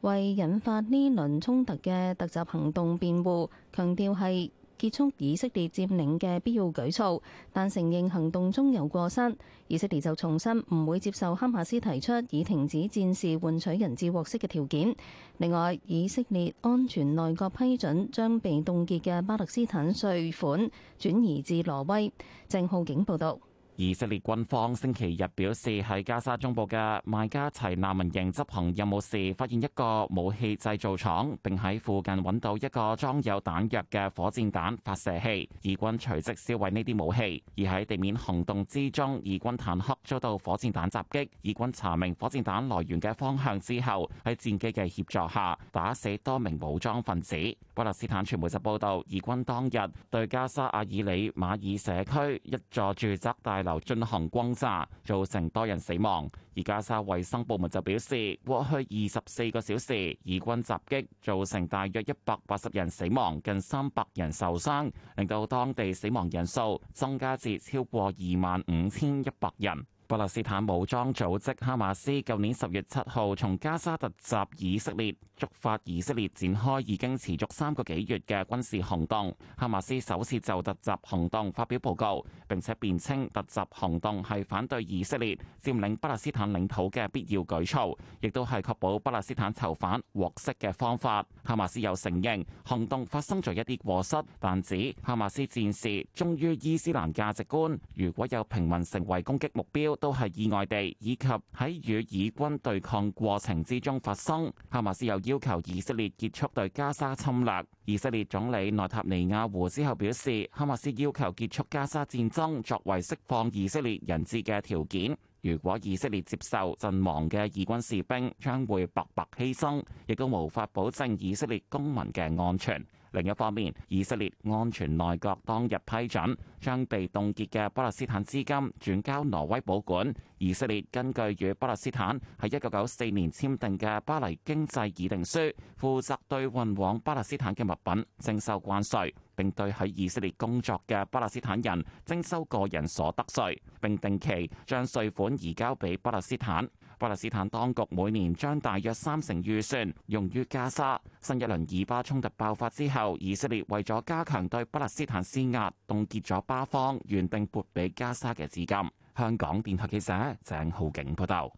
為引發呢輪衝突嘅突襲行動辯護，強調係。結束以色列佔領嘅必要舉措，但承認行動中有過失。以色列就重申唔會接受哈馬斯提出以停止戰事換取人質獲釋嘅條件。另外，以色列安全內閣批准將被凍結嘅巴勒斯坦稅款轉移至挪威。正浩景報道。以色列軍方星期日表示，喺加沙中部嘅麥加齊難民營執行任務時，發現一個武器製造廠，並喺附近揾到一個裝有彈藥嘅火箭彈發射器。以軍隨即銷毀呢啲武器。而喺地面行動之中，以軍坦克遭到火箭彈襲擊。以軍查明火箭彈來源嘅方向之後，喺戰機嘅協助下，打死多名武裝分子。巴勒斯坦傳媒就報道，以軍當日對加沙阿爾里馬爾社區一座住宅大流進行轟炸，造成多人死亡。而加沙衛生部門就表示，過去二十四個小時，以軍襲擊造成大約一百八十人死亡，近三百人受傷，令到當地死亡人數增加至超過二萬五千一百人。巴勒斯坦武裝組織哈馬斯舊年十月七號從加沙突襲以色列，觸發以色列展開已經持續三個幾月嘅軍事行動，哈馬斯首次就突襲行動發表報告，並且辯稱突襲行動係反對以色列佔領巴勒斯坦領土嘅必要舉措，亦都係確保巴勒斯坦囚犯獲釋嘅方法。哈馬斯又承認行動發生咗一啲過失，但指哈馬斯戰士忠於伊斯蘭價值觀，如果有平民成為攻擊目標，都係意外地，以及喺與以軍對抗過程之中發生。哈馬斯又要求以色列結束對加沙侵略。以色列總理內塔尼亞胡之後表示，哈馬斯要求結束加沙戰爭，作為釋放以色列人質嘅條件。如果以色列接受，陣亡嘅以軍士兵將會白白犧牲，亦都無法保證以色列公民嘅安全。另一方面，以色列安全內閣當日批准將被凍結嘅巴勒斯坦資金轉交挪威保管。以色列根據與巴勒斯坦喺一九九四年簽訂嘅巴黎經濟議定書，負責對運往巴勒斯坦嘅物品徵收關稅，並對喺以色列工作嘅巴勒斯坦人徵收個人所得稅，並定期將稅款移交俾巴勒斯坦。巴勒斯坦當局每年將大約三成預算用於加沙。新一輪以巴衝突爆發之後，以色列為咗加強對巴勒斯坦施壓，凍結咗巴方原定撥畀加沙嘅資金。香港電台記者鄭浩景報道。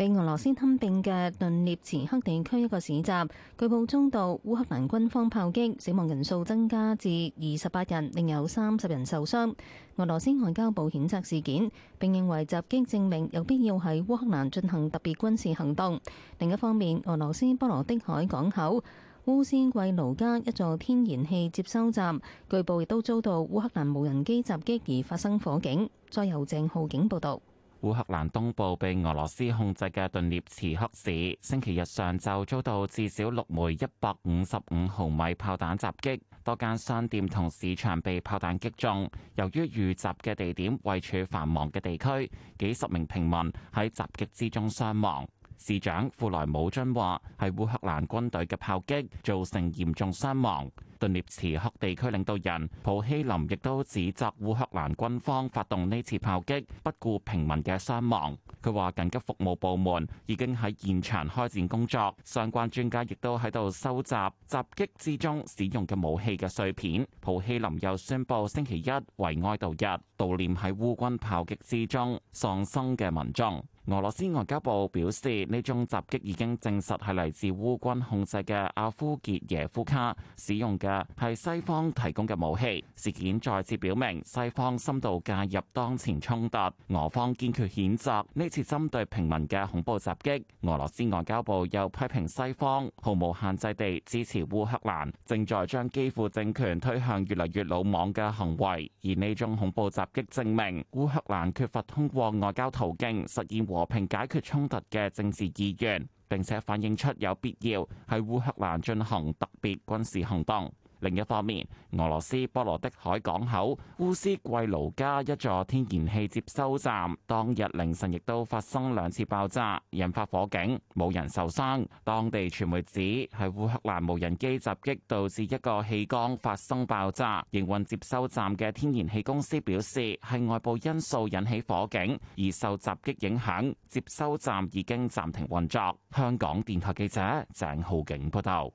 被俄羅斯吞並嘅頓涅茨克地區一個市集，據報中道烏克蘭軍方炮擊，死亡人數增加至二十八人，另有三十人受傷。俄羅斯外交部譴責事件，並認為襲擊證明有必要喺烏克蘭進行特別軍事行動。另一方面，俄羅斯波羅的海港口烏斯季盧加一座天然氣接收站，據報亦都遭到烏克蘭無人機襲擊而發生火警。再由鄭浩景報道。烏克蘭東部被俄羅斯控制嘅頓涅茨克市，星期日上晝遭到至少六枚一百五十五毫米炮彈襲擊，多間商店同市場被炮彈擊中。由於遇襲嘅地點位處繁忙嘅地區，幾十名平民喺襲擊之中傷亡。市長庫萊姆津話：係烏克蘭軍隊嘅炮擊造成嚴重傷亡。頓涅茨克地區領導人普希林亦都指責烏克蘭軍方發動呢次炮擊，不顧平民嘅傷亡。佢話緊急服務部門已經喺現場開展工作，相關專家亦都喺度收集襲擊之中使用嘅武器嘅碎片。普希林又宣布星期一為哀悼日，悼念喺烏軍炮擊之中喪生嘅民眾。俄羅斯外交部表示，呢宗襲擊已經證實係嚟自烏軍控制嘅阿夫傑耶夫卡，使用嘅係西方提供嘅武器。事件再次表明西方深度介入當前衝突，俄方堅決譴責呢次針對平民嘅恐怖襲擊。俄羅斯外交部又批評西方毫無限制地支持烏克蘭，正在將基輔政權推向越嚟越魯莽嘅行為。而呢種恐怖襲擊證明烏克蘭缺乏通過外交途徑實現和和平解決衝突嘅政治意願，並且反映出有必要喺烏克蘭進行特別軍事行動。另一方面，俄羅斯波羅的海港口烏斯季盧加一座天然氣接收站，當日凌晨亦都發生兩次爆炸，引發火警，冇人受傷。當地傳媒指係烏克蘭無人機襲擊導致一個氣缸發生爆炸。營運接收站嘅天然氣公司表示，係外部因素引起火警，而受襲擊影響，接收站已經暫停運作。香港電台記者鄭浩景報道。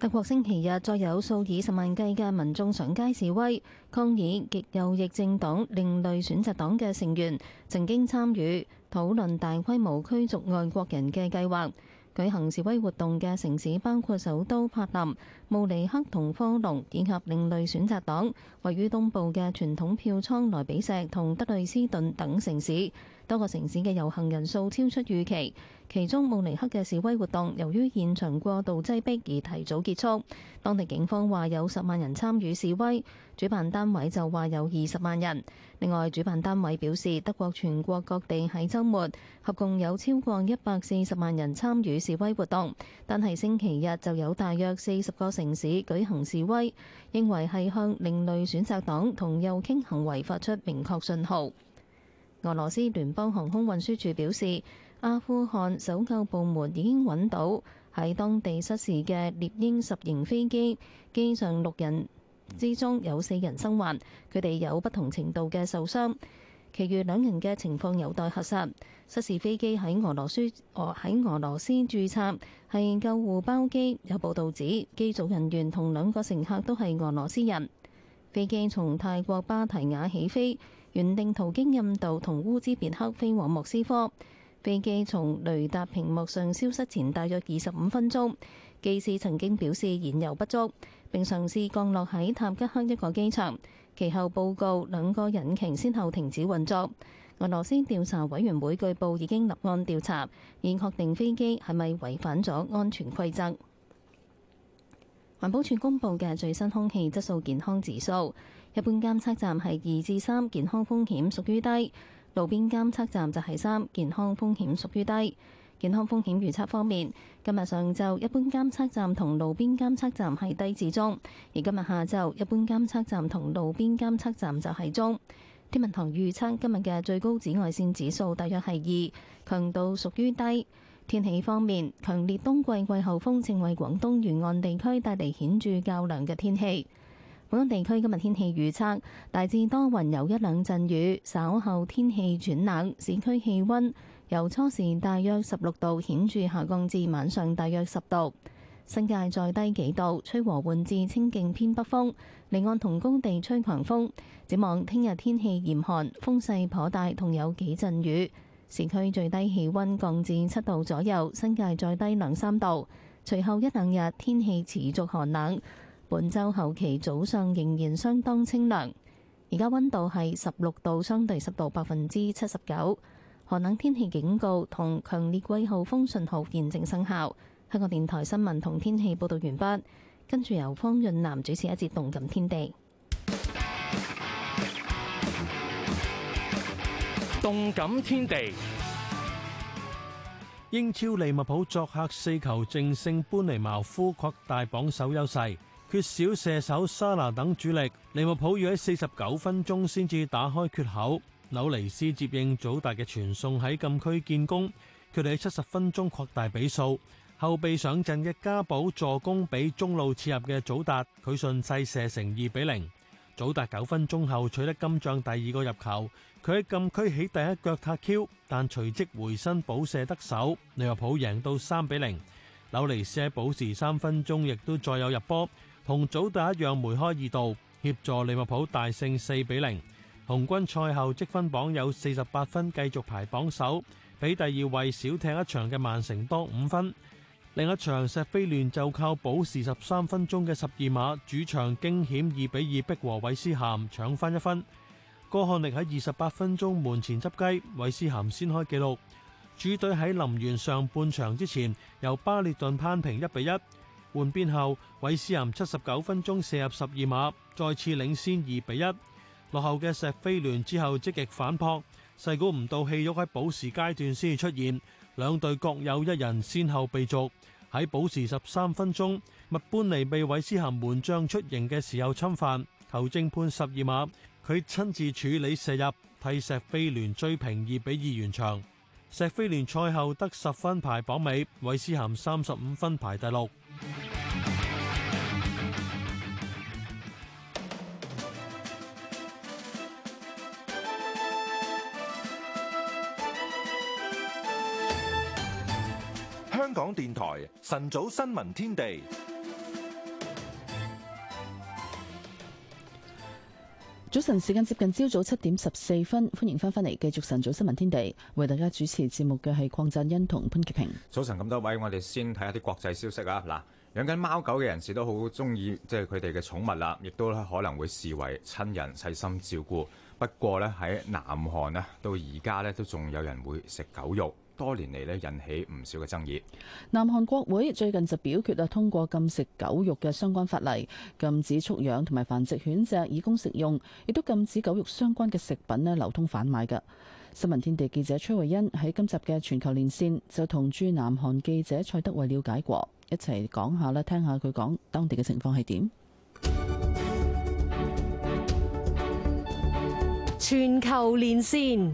德國星期日再有數以十萬計嘅民眾上街示威抗議極右翼政黨另類選擇黨嘅成員曾經參與討論大規模驅逐外國人嘅計劃。舉行示威活動嘅城市包括首都柏林、慕尼克同科隆，以及另類選擇黨位於東部嘅傳統票倉萊比錫同德累斯頓等城市。多個城市嘅遊行人數超出預期，其中慕尼黑嘅示威活動由於現場過度擠逼而提早結束。當地警方話有十萬人參與示威，主辦單位就話有二十萬人。另外，主辦單位表示德國全國各地喺周末合共有超過一百四十萬人參與示威活動，但係星期日就有大約四十個城市舉行示威，認為係向另類選擇黨同右傾行為發出明確信號。俄羅斯聯邦航空運輸處表示，阿富汗搜救部門已經揾到喺當地失事嘅獵鷹十型飛機，機上六人之中有四人生還，佢哋有不同程度嘅受傷，其餘兩人嘅情況有待核實。失事飛機喺俄羅斯俄，喺俄羅斯註冊，係救護包機。有報道指機組人員同兩個乘客都係俄羅斯人。飛機從泰國芭提雅起飛。原定途經印度同烏茲別克飛往莫斯科，飛機從雷達屏幕上消失前大約二十五分鐘，機師曾經表示燃油不足，並嘗試降落喺塔吉克一個機場，其後報告兩個引擎先後停止運作。俄羅斯調查委員會據報已經立案調查，以確定飛機係咪違反咗安全規則。環保署公布嘅最新空氣質素健康指數。一般監測站係二至三，健康風險屬於低；路邊監測站就係三，健康風險屬於低。健康風險預測方面，今日上晝一般監測站同路邊監測站係低至中，而今日下晝一般監測站同路邊監測站就係中。天文台預測今日嘅最高紫外綫指數大約係二，強度屬於低。天氣方面，強烈冬季季候風正為廣東沿岸地區帶嚟顯著較涼嘅天氣。本港地區今日天氣預測，大致多雲，有一兩陣雨，稍後天氣轉冷。市區氣溫由初時大約十六度顯著下降至晚上大約十度，新界再低幾度，吹和緩至清勁偏北風。離岸同高地吹強風，展望聽日天氣嚴寒，風勢頗大，同有幾陣雨。市區最低氣溫降至七度左右，新界再低兩三度。隨後一兩日天氣持續寒冷。本周後期早上仍然相當清涼，而家溫度係十六度，相對濕度百分之七十九。寒冷天氣警告同強烈季候風信號現正生效。香港電台新聞同天氣報道完畢，跟住由方潤南主持一節動感天地。動感天地，英超利物浦作客四球淨勝般尼茅夫，擴大榜首優勢。缺少射手沙拿等主力，利物浦要喺四十九分鐘先至打開缺口。紐尼斯接應祖達嘅傳送喺禁區建功，佢哋喺七十分鐘擴大比數。後備上陣嘅加保助攻俾中路切入嘅祖達，佢順勢射成二比零。祖達九分鐘後取得金像第二個入球，佢喺禁區起第一腳踏 Q，但隨即回身補射得手，利物浦贏到三比零。紐尼斯喺補時三分鐘亦都再有入波。同組第一樣梅開二度協助利物浦大勝四比零，紅軍賽後積分榜有四十八分繼續排榜首，比第二位少踢一場嘅曼城多五分。另一場石飛聯就靠補時十三分鐘嘅十二碼主場驚險二比二逼和韋斯咸搶返一分。高漢力喺二十八分鐘門前執雞，韋斯咸先開紀錄。主隊喺臨完上半場之前由巴列頓攀平一比一。換邊後，韋斯咸七十九分鐘射入十二碼，再次領先二比一。落後嘅石飛聯之後積極反撲，細估唔到戲肉喺補時階段先至出現。兩隊各有一人先後被逐。喺補時十三分鐘，麥班尼被韋斯咸門將出營嘅時候侵犯，球證判十二碼，佢親自處理射入替石飛聯追平二比二完場。石飛聯賽後得十分排榜尾，韋斯咸三十五分排第六。香港電台晨早新聞天地。早晨，時間接近朝早七點十四分，歡迎翻返嚟繼續晨早新聞天地。為大家主持節目嘅係鄺振欣同潘潔平。早晨咁多位，我哋先睇下啲國際消息啊！嗱，養緊貓狗嘅人士都好中意，即係佢哋嘅寵物啦，亦都可能會視為親人，細心照顧。不過呢，喺南韓啊，到而家呢，都仲有人會食狗肉。多年嚟咧引起唔少嘅爭議。南韓國會最近就表決，啊通過禁食狗肉嘅相關法例，禁止畜養同埋繁殖犬隻以供食用，亦都禁止狗肉相關嘅食品咧流通販賣嘅。新聞天地記者崔慧欣喺今集嘅全球連線就同駐南韓記者蔡德偉了解過，一齊講下啦，聽下佢講當地嘅情況係點。全球連線。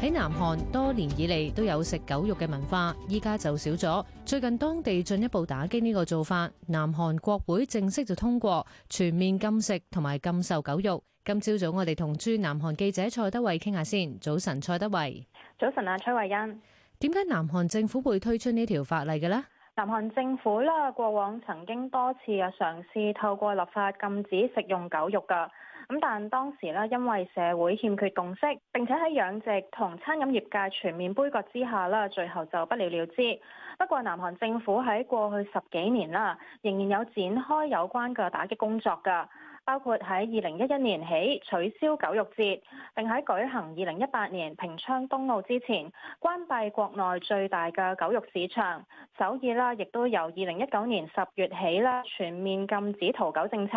喺南韓多年以嚟都有食狗肉嘅文化，依家就少咗。最近當地進一步打擊呢個做法，南韓國會正式就通過全面禁食同埋禁售狗肉。今朝早我哋同駐南韓記者蔡德偉傾下先。早晨蔡，蔡德偉。早晨啊，崔慧恩。點解南韓政府會推出呢條法例嘅呢？南韓政府啦，過往曾經多次嘅嘗試透過立法禁止食用狗肉㗎，咁但當時呢，因為社會欠缺共識，並且喺養殖同餐飲業界全面杯葛之下啦，最後就不了了之。不過南韓政府喺過去十幾年啦，仍然有展開有關嘅打擊工作㗎。包括喺二零一一年起取消狗肉節，並喺舉行二零一八年平昌冬奧之前關閉國內最大嘅狗肉市場。首爾啦，亦都由二零一九年十月起啦全面禁止屠狗政策。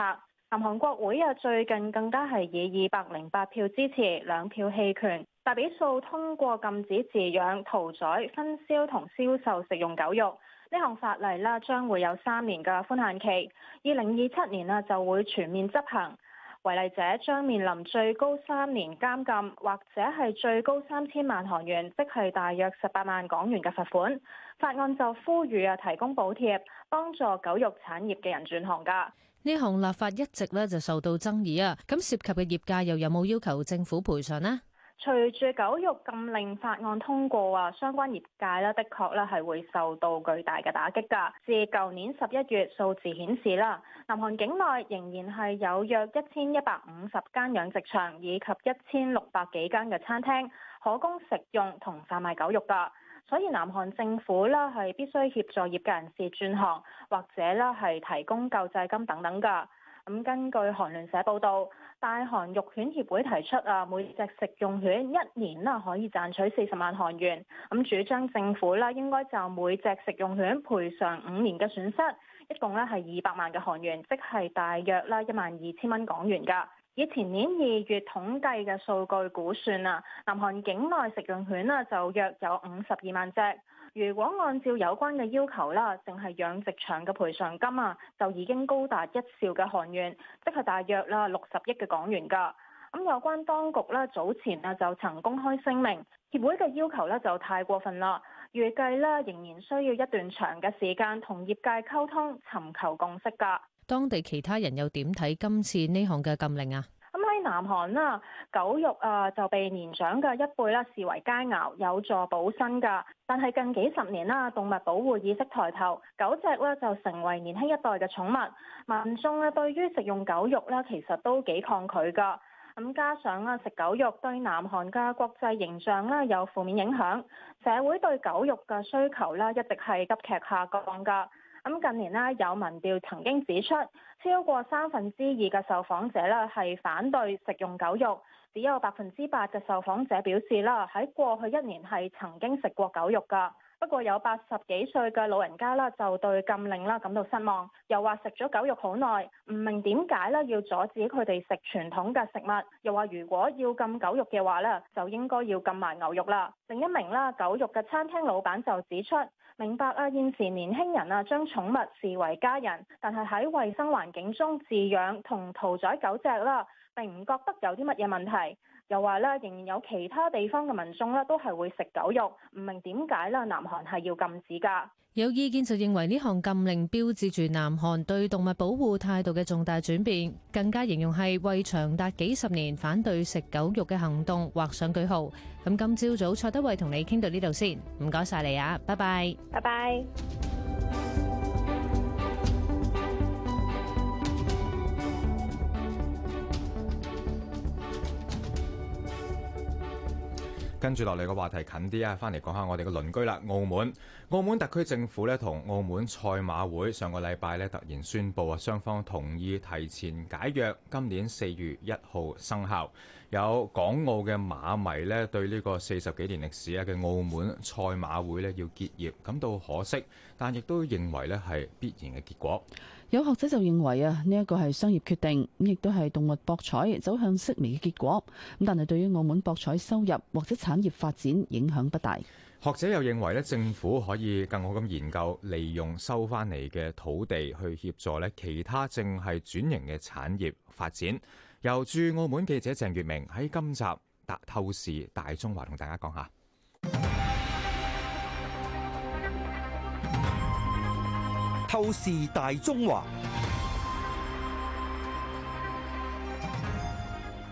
南韓國會啊，最近更加係以二百零八票支持，兩票棄權，大比數通過禁止飼養、屠宰、分銷同銷售食用狗肉。呢項法例啦，將會有三年嘅寬限期，二零二七年啊就會全面執行。違例者將面臨最高三年監禁，或者係最高三千萬韓元，即係大約十八萬港元嘅罰款。法案就呼籲啊，提供補貼幫助狗肉產業嘅人轉行㗎。呢項立法一直咧就受到爭議啊，咁涉及嘅業界又有冇要求政府賠償呢？隨住狗肉禁令法案通過啊，相關業界咧，的確咧係會受到巨大嘅打擊㗎。至舊年十一月，數字顯示啦，南韓境內仍然係有約一千一百五十間養殖場以及一千六百幾間嘅餐廳可供食用同販賣狗肉㗎。所以南韓政府咧係必須協助業界人士轉行或者咧係提供救濟金等等㗎。咁根據韓聯社報道。大韓肉犬協會提出啊，每隻食用犬一年咧可以賺取四十萬韓元，咁主張政府咧應該就每隻食用犬賠償五年嘅損失，一共咧係二百萬嘅韓元，即係大約咧一萬二千蚊港元噶。以前年二月統計嘅數據估算啊，南韓境內食用犬啊就約有五十二萬隻。如果按照有關嘅要求啦，淨係養殖場嘅賠償金啊，就已經高達一兆嘅韓元，即係大約啦六十億嘅港元㗎。咁有關當局呢，早前啊就曾公開聲明，協會嘅要求呢就太過分啦。預計呢仍然需要一段長嘅時間同業界溝通，尋求共識㗎。當地其他人又點睇今次呢項嘅禁令啊？南韓啦，狗肉啊就被年長嘅一輩啦視為佳餚，有助補身噶。但係近幾十年啦，動物保護意識抬頭，狗隻咧就成為年輕一代嘅寵物。民眾咧對於食用狗肉咧其實都幾抗拒噶。咁加上啊，食狗肉對南韓嘅國際形象咧有負面影響，社會對狗肉嘅需求咧一直係急劇下降噶。咁近年咧，有民調曾經指出，超過三分之二嘅受訪者咧係反對食用狗肉，只有百分之八嘅受訪者表示啦，喺過去一年係曾經食過狗肉㗎。不過有八十幾歲嘅老人家啦，就對禁令啦感到失望，又話食咗狗肉好耐，唔明點解咧要阻止佢哋食傳統嘅食物，又話如果要禁狗肉嘅話咧，就應該要禁埋牛肉喇。另一名啦，狗肉嘅餐廳老闆就指出。明白啊！現時年輕人啊，將寵物視為家人，但係喺衞生環境中飼養同屠宰狗隻啦，並唔覺得有啲乜嘢問題。又話咧，仍然有其他地方嘅民眾咧，都係會食狗肉，唔明點解啦？南韓係要禁止㗎。有意見就認為呢項禁令標誌住南韓對動物保護態度嘅重大轉變，更加形容係為長達幾十年反對食狗肉嘅行動劃上句號。咁今朝早，蔡德偉同你傾到呢度先，唔該晒你啊，拜拜，拜拜。跟住落嚟個話題近啲啊，翻嚟講下我哋嘅鄰居啦，澳門。澳門特區政府呢，同澳門賽馬會上個禮拜呢，突然宣布啊，雙方同意提前解約，今年四月一號生效。有港澳嘅馬迷呢，對呢個四十幾年歷史啊嘅澳門賽馬會呢，要結業感到可惜，但亦都認為呢係必然嘅結果。有學者就認為啊，呢一個係商業決定，咁亦都係動物博彩走向式微嘅結果。咁但係對於澳門博彩收入或者產業發展影響不大。學者又認為咧，政府可以更好咁研究利用收翻嚟嘅土地去協助咧其他正係轉型嘅產業發展。由駐澳門記者鄭月明喺今集大透視大中華同大家講下。透視大中華，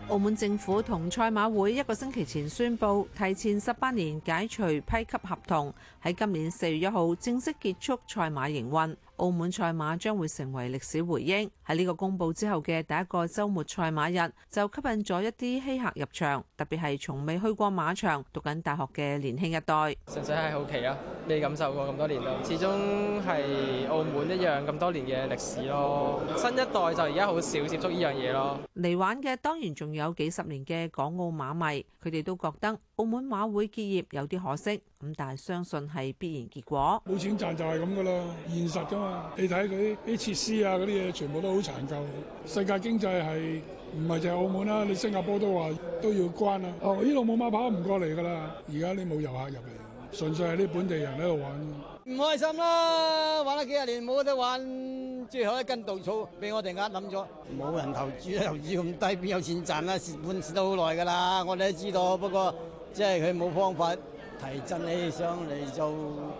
澳門政府同賽馬會一個星期前宣佈，提前十八年解除批給合同，喺今年四月一號正式結束賽馬營運。澳門賽馬將會成為歷史回應。喺呢個公布之後嘅第一個周末賽馬日，就吸引咗一啲稀客入場，特別係從未去過馬場、讀緊大學嘅年輕一代，純粹係好奇啊，你感受過咁多年咯。始終係澳門一樣咁多年嘅歷史咯。新一代就而家好少接觸呢樣嘢咯。嚟玩嘅當然仲有幾十年嘅港澳馬迷，佢哋都覺得澳門馬會結業有啲可惜。咁但係相信係必然結果，冇錢賺就係咁噶啦，現實噶嘛。你睇佢啲設施啊，嗰啲嘢全部都好殘舊。世界經濟係唔係淨係澳門啦？你新加坡都話都要關啦。哦，呢度冇馬跑唔過嚟噶啦，而家你冇遊客入嚟，純粹係啲本地人喺度玩。唔開心啦，玩咗幾十年冇得玩，最後一根稻草俾我哋呃間諗咗。冇人投資，投資咁低，邊有錢賺啊？蝕本蝕得好耐噶啦，我哋都知道。不過即係佢冇方法。提振起上嚟就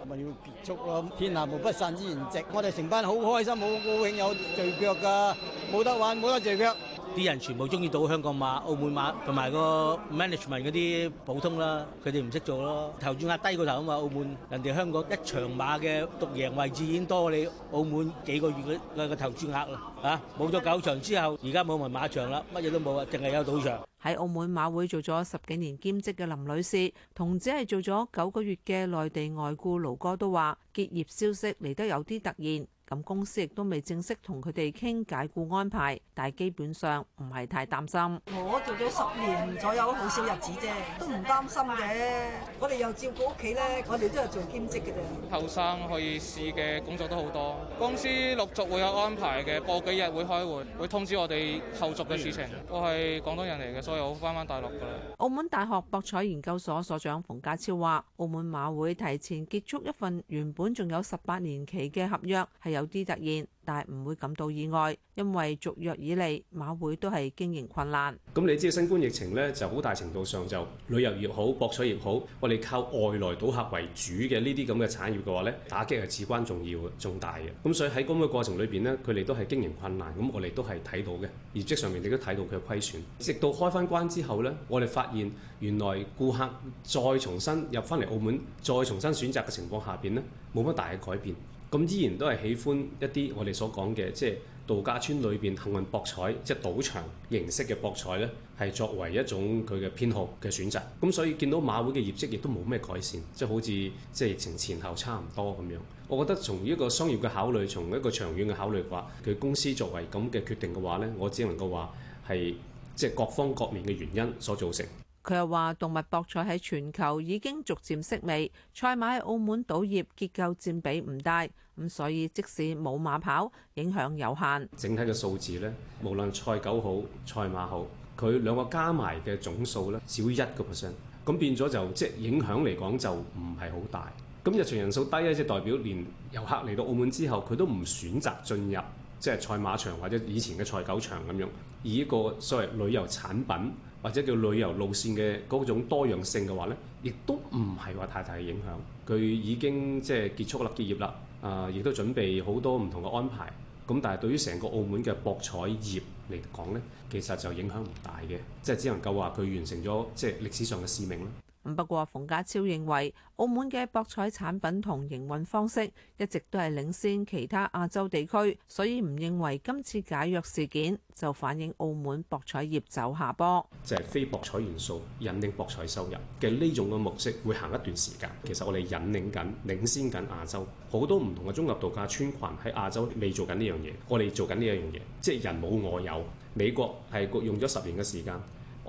咪要結束咯！天下無不散之筵席， 我哋成班好開心，好高興有的，有聚腳㗎，冇得玩，冇得聚腳。啲人全部中意賭香港馬、澳門馬同埋個 management 嗰啲普通啦，佢哋唔識做咯，投注額低過頭啊嘛！澳門人哋香港一場馬嘅獨贏位置已經多過你澳門幾個月嘅投注額啦嚇！冇咗九場之後，而家冇埋馬場啦，乜嘢都冇啊，淨係有賭場。喺澳門馬會做咗十幾年兼職嘅林女士，同只係做咗九個月嘅內地外僱勞哥都話結業消息嚟得有啲突然。咁公司亦都未正式同佢哋傾解雇安排，但係基本上唔係太擔心。我做咗十年左右，好少日子啫，都唔擔心嘅。我哋又照顧屋企咧，我哋都係做兼職嘅啫。後生可以試嘅工作都好多。公司陸續會有安排嘅，過幾日會開會，會通知我哋後續嘅事情。我係廣東人嚟嘅，所以我翻返大陸㗎啦。澳門大學博彩研究所所長馮家超話澳門馬會提前結束一份原本仲有十八年期嘅合約，係由有啲突然，但係唔會感到意外，因為續約以嚟馬會都係經營困難。咁你知新冠疫情咧，就好大程度上就旅遊業好、博彩業好，我哋靠外來賭客為主嘅呢啲咁嘅產業嘅話咧，打擊係至關重要嘅、重大嘅。咁所以喺咁嘅過程裏邊呢，佢哋都係經營困難。咁我哋都係睇到嘅業績上面亦都睇到佢嘅虧損。直到開翻關之後咧，我哋發現原來顧客再重新入翻嚟澳門，再重新選擇嘅情況下邊呢，冇乜大嘅改變。咁依然都係喜歡一啲我哋所講嘅，即係度假村裏邊幸運博彩，即係賭場形式嘅博彩咧，係作為一種佢嘅偏好嘅選擇，咁所以見到馬會嘅業績亦都冇咩改善，即係好似即係疫情前後差唔多咁樣，我覺得從一個商業嘅考慮，從一個長遠嘅考慮嘅話，佢公司作為咁嘅決定嘅話咧，我只能夠話，係即係各方各面嘅原因所造成。佢又話：動物博彩喺全球已經逐漸式微，賽馬喺澳門賭業結構佔比唔大，咁所以即使冇馬跑，影響有限。整體嘅數字呢，無論賽狗好，賽馬好，佢兩個加埋嘅總數呢少於一個 percent，咁變咗就即係影響嚟講就唔係好大。咁日場人數低呢，即係代表連遊客嚟到澳門之後，佢都唔選擇進入即係賽馬場或者以前嘅賽狗場咁樣，以一個所謂旅遊產品。.或者叫旅遊路線嘅嗰種多樣性嘅話呢，亦都唔係話太大嘅影響。佢已經即係結束啦，結業啦，啊，亦都準備好多唔同嘅安排。咁但係對於成個澳門嘅博彩業嚟講呢，其實就影響唔大嘅，即係只能夠話佢完成咗即係歷史上嘅使命啦。不過馮家超認為，澳門嘅博彩產品同營運方式一直都係領先其他亞洲地區，所以唔認為今次解約事件就反映澳門博彩業走下坡。就係非博彩元素引領博彩收入嘅呢種嘅模式會行一段時間。其實我哋引領緊、領先緊亞洲好多唔同嘅綜合度假村群喺亞洲未做緊呢樣嘢，我哋做緊呢一樣嘢，即係人冇我有。美國係用咗十年嘅時間。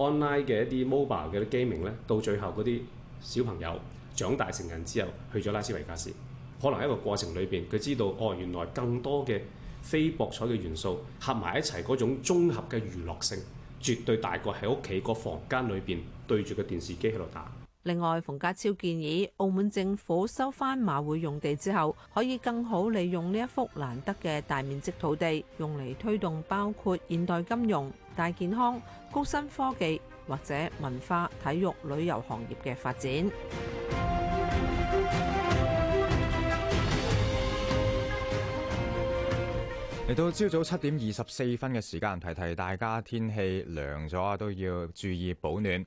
online 嘅一啲 mobile 嘅啲 gaming 咧，到最後嗰啲小朋友長大成人之後，去咗拉斯維加斯，可能係一個過程裏邊，佢知道哦，原來更多嘅非博彩嘅元素合埋一齊嗰種綜合嘅娛樂性，絕對大過喺屋企個房間裏邊對住個電視機喺度打。另外，馮家超建議澳門政府收翻馬會用地之後，可以更好利用呢一幅難得嘅大面積土地，用嚟推動包括現代金融、大健康、高新科技或者文化、體育、旅遊行業嘅發展。嚟到朝早七點二十四分嘅時間，提提大家天氣涼咗，都要注意保暖。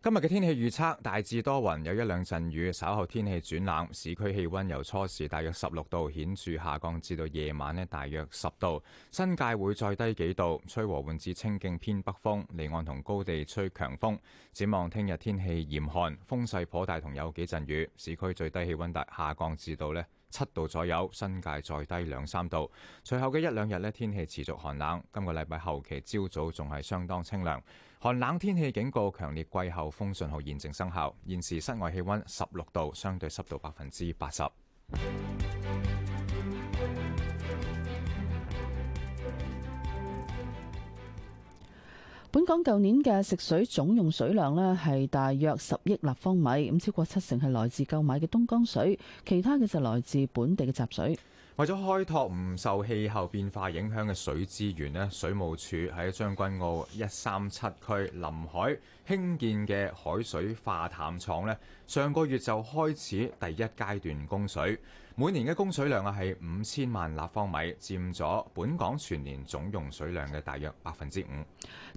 今日嘅天氣預測大致多雲，有一兩陣雨，稍後天氣轉冷。市區氣溫由初時大約十六度顯著下降至到夜晚呢大約十度，新界會再低幾度，吹和緩至清勁偏北風，離岸同高地吹強風。展望聽日天，天氣嚴寒，風勢頗大，同有幾陣雨。市區最低氣溫大下降至到呢七度左右，新界再低兩三度。隨後嘅一兩日呢，天氣持續寒冷，今個禮拜後期朝早仲係相當清涼。寒冷天氣警告，強烈季候風信號現正生效。現時室外氣温十六度，相對濕度百分之八十。本港舊年嘅食水總用水量呢係大約十億立方米，咁超過七成係來自購買嘅東江水，其他嘅就來自本地嘅集水。為咗開拓唔受氣候變化影響嘅水資源呢，水務署喺將軍澳一三七區臨海興建嘅海水化淡廠呢，上個月就開始第一階段供水，每年嘅供水量啊係五千萬立方米，佔咗本港全年總用水量嘅大約百分之五。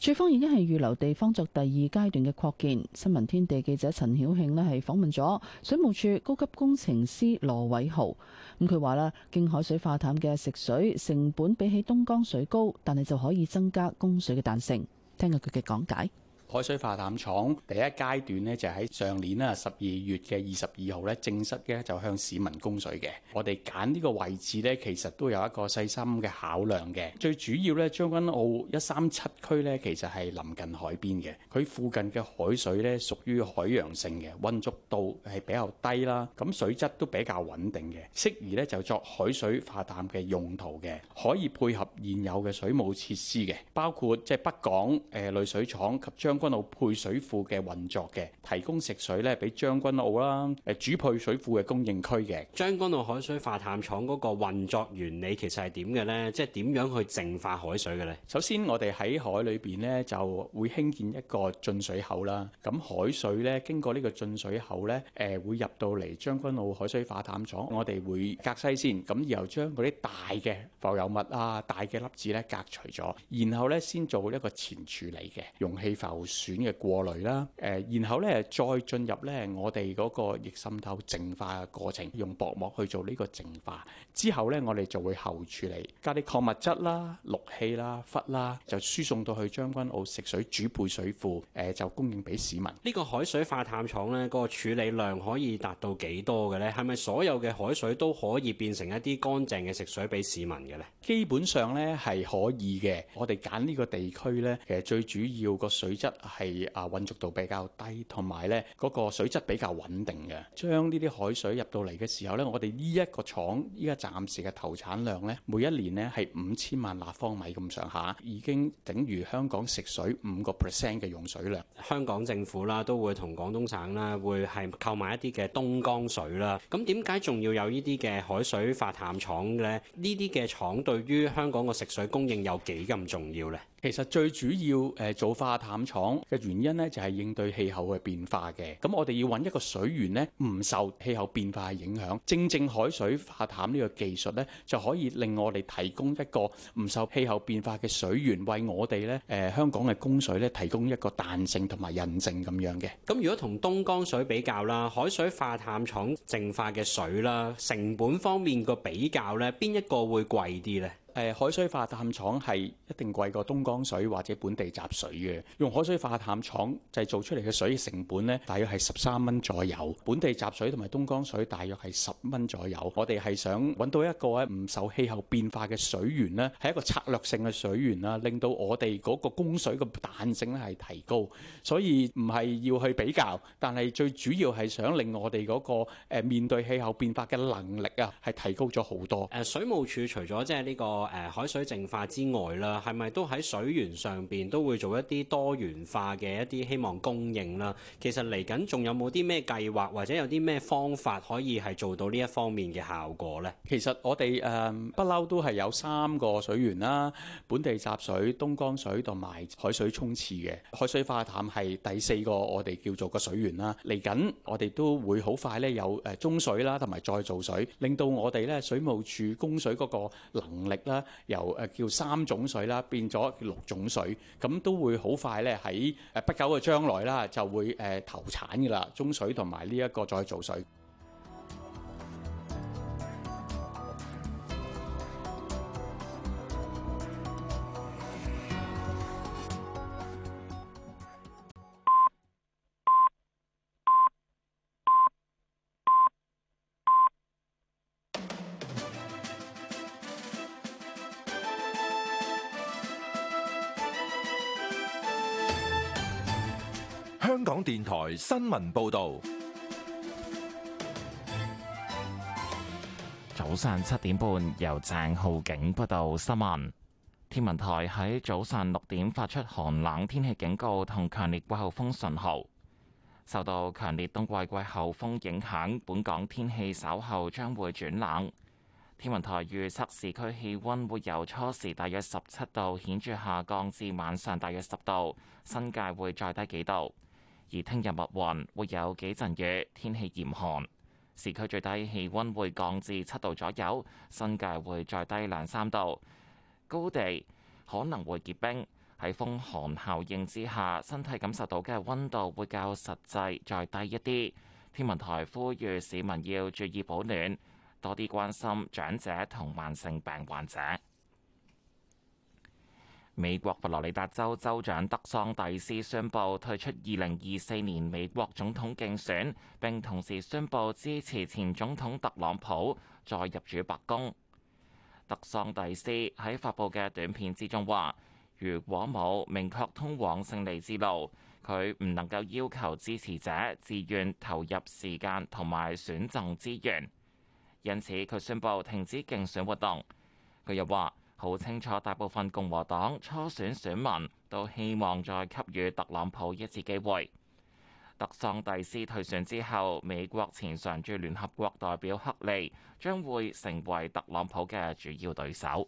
處方已經係預留地方作第二階段嘅擴建。新聞天地記者陳曉慶呢係訪問咗水務署高級工程師羅偉豪。咁佢話啦，經海水化淡嘅食水成本比起東江水高，但係就可以增加供水嘅彈性。聽下佢嘅講解。海水化淡廠第一階段咧，就喺上年啦，十二月嘅二十二號咧，正式嘅就向市民供水嘅。我哋揀呢個位置咧，其實都有一個細心嘅考量嘅。最主要咧，將軍澳一三七區咧，其實係臨近海邊嘅，佢附近嘅海水咧，屬於海洋性嘅，溫足度係比較低啦，咁水質都比較穩定嘅，適宜咧，就作海水化淡嘅用途嘅，可以配合現有嘅水務設施嘅，包括即係北港誒呃、濾水廠及將。將軍澳配水庫嘅運作嘅，提供食水咧俾將軍澳啦，誒、呃、主配水庫嘅供應區嘅。將軍澳海水化淡廠嗰個運作原理其實係點嘅呢？即係點樣去淨化海水嘅呢？首先我哋喺海裏邊呢，就會興建一個進水口啦，咁海水呢，經過呢個進水口呢，誒、呃、會入到嚟將軍澳海水化淡廠，我哋會隔西先，咁然後將嗰啲大嘅浮油物啊、大嘅粒子呢，隔除咗，然後呢，先做一個前處理嘅，溶氣浮。選嘅過濾啦，誒、呃，然後咧再進入咧我哋嗰個逆滲透淨化嘅過程，用薄膜去做呢個淨化，之後咧我哋就會後處理，加啲礦物質啦、氯氣啦、氟啦，就輸送到去將軍澳食水主配水庫，誒、呃，就供應俾市民。呢個海水化淡廠咧，個處理量可以達到幾多嘅呢？係咪所有嘅海水都可以變成一啲乾淨嘅食水俾市民嘅呢？基本上咧係可以嘅。我哋揀呢個地區咧，其實最主要個水質。係啊，混濁度比較低，同埋呢嗰個水質比較穩定嘅。將呢啲海水入到嚟嘅時候呢，我哋呢一個廠依家暫時嘅投產量呢，每一年呢係五千萬立方米咁上下，已經等於香港食水五個 percent 嘅用水量。香港政府啦都會同廣東省啦會係購買一啲嘅東江水啦。咁點解仲要有呢啲嘅海水發淡廠呢？呢啲嘅廠對於香港個食水供應有幾咁重要呢？其實最主要誒做化淡廠嘅原因呢，就係應對氣候嘅變化嘅。咁我哋要揾一個水源呢，唔受氣候變化嘅影響。正正海水化淡呢個技術呢，就可以令我哋提供一個唔受氣候變化嘅水源，為我哋呢誒香港嘅供水呢提供一個彈性同埋韌性咁樣嘅。咁如果同東江水比較啦，海水化淡廠淨化嘅水啦，成本方面個比較呢，邊一個會貴啲呢？誒海水化淡廠係一定貴過東江水或者本地集水嘅，用海水化淡廠製造出嚟嘅水嘅成本呢，大約係十三蚊左右；本地集水同埋東江水大約係十蚊左右。我哋係想揾到一個咧唔受氣候變化嘅水源呢係一個策略性嘅水源啦，令到我哋嗰個供水嘅彈性咧係提高。所以唔係要去比較，但係最主要係想令我哋嗰個面對氣候變化嘅能力啊，係提高咗好多。誒水務署除咗即係呢個。海水淨化之外啦，係咪都喺水源上邊都會做一啲多元化嘅一啲希望供應啦？其實嚟緊仲有冇啲咩計劃或者有啲咩方法可以係做到呢一方面嘅效果咧？其實我哋誒不嬲都係有三個水源啦，本地集水、東江水同埋海水沖廁嘅海水化淡係第四個我哋叫做個水源啦。嚟緊我哋都會好快咧有誒中水啦，同埋再造水，令到我哋咧水務署供水嗰個能力。由誒叫三種水啦，變咗六種水，咁都會好快咧喺誒不久嘅將來啦，就會誒投產㗎啦，中水同埋呢一個再造水。新聞報導。早上七點半，由鄭浩景報道新聞。天文台喺早上六點發出寒冷天氣警告同強烈季候風信號。受到強烈冬季季候風影響，本港天氣稍後將會轉冷。天文台預測市區氣溫會由初時大約十七度顯著下降至晚上大約十度，新界會再低幾度。而聽日密雲會有幾陣雨，天氣嚴寒，市區最低氣温會降至七度左右，新界會再低兩三度，高地可能會結冰。喺風寒效應之下，身體感受到嘅温度會較實際再低一啲。天文台呼籲市民要注意保暖，多啲關心長者同慢性病患者。美國佛羅里達州州長德桑蒂斯宣布退出二零二四年美國總統競選，並同時宣布支持前總統特朗普再入主白宮。德桑蒂斯喺發布嘅短片之中話：如果冇明確通往勝利之路，佢唔能夠要求支持者自願投入時間同埋選贈資源，因此佢宣布停止競選活動。佢又話。好清楚，大部分共和黨初選選民都希望再給予特朗普一次機會。特桑蒂斯退選之後，美國前常駐聯合國代表克利將會成為特朗普嘅主要對手。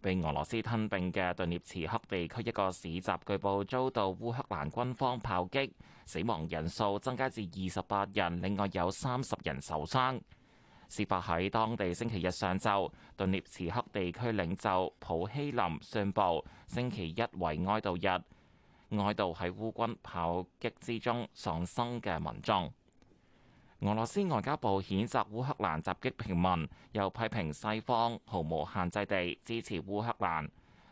被俄羅斯吞併嘅頓涅茨克地區一個市集據報遭到烏克蘭軍方炮擊，死亡人數增加至二十八人，另外有三十人受傷。事發喺當地星期日上晝，頓涅茨克地區領袖普希林宣布，星期一為哀悼日，哀悼喺烏軍炮擊之中喪生嘅民眾。俄羅斯外交部譴責烏克蘭襲擊平民，又批評西方毫無限制地支持烏克蘭，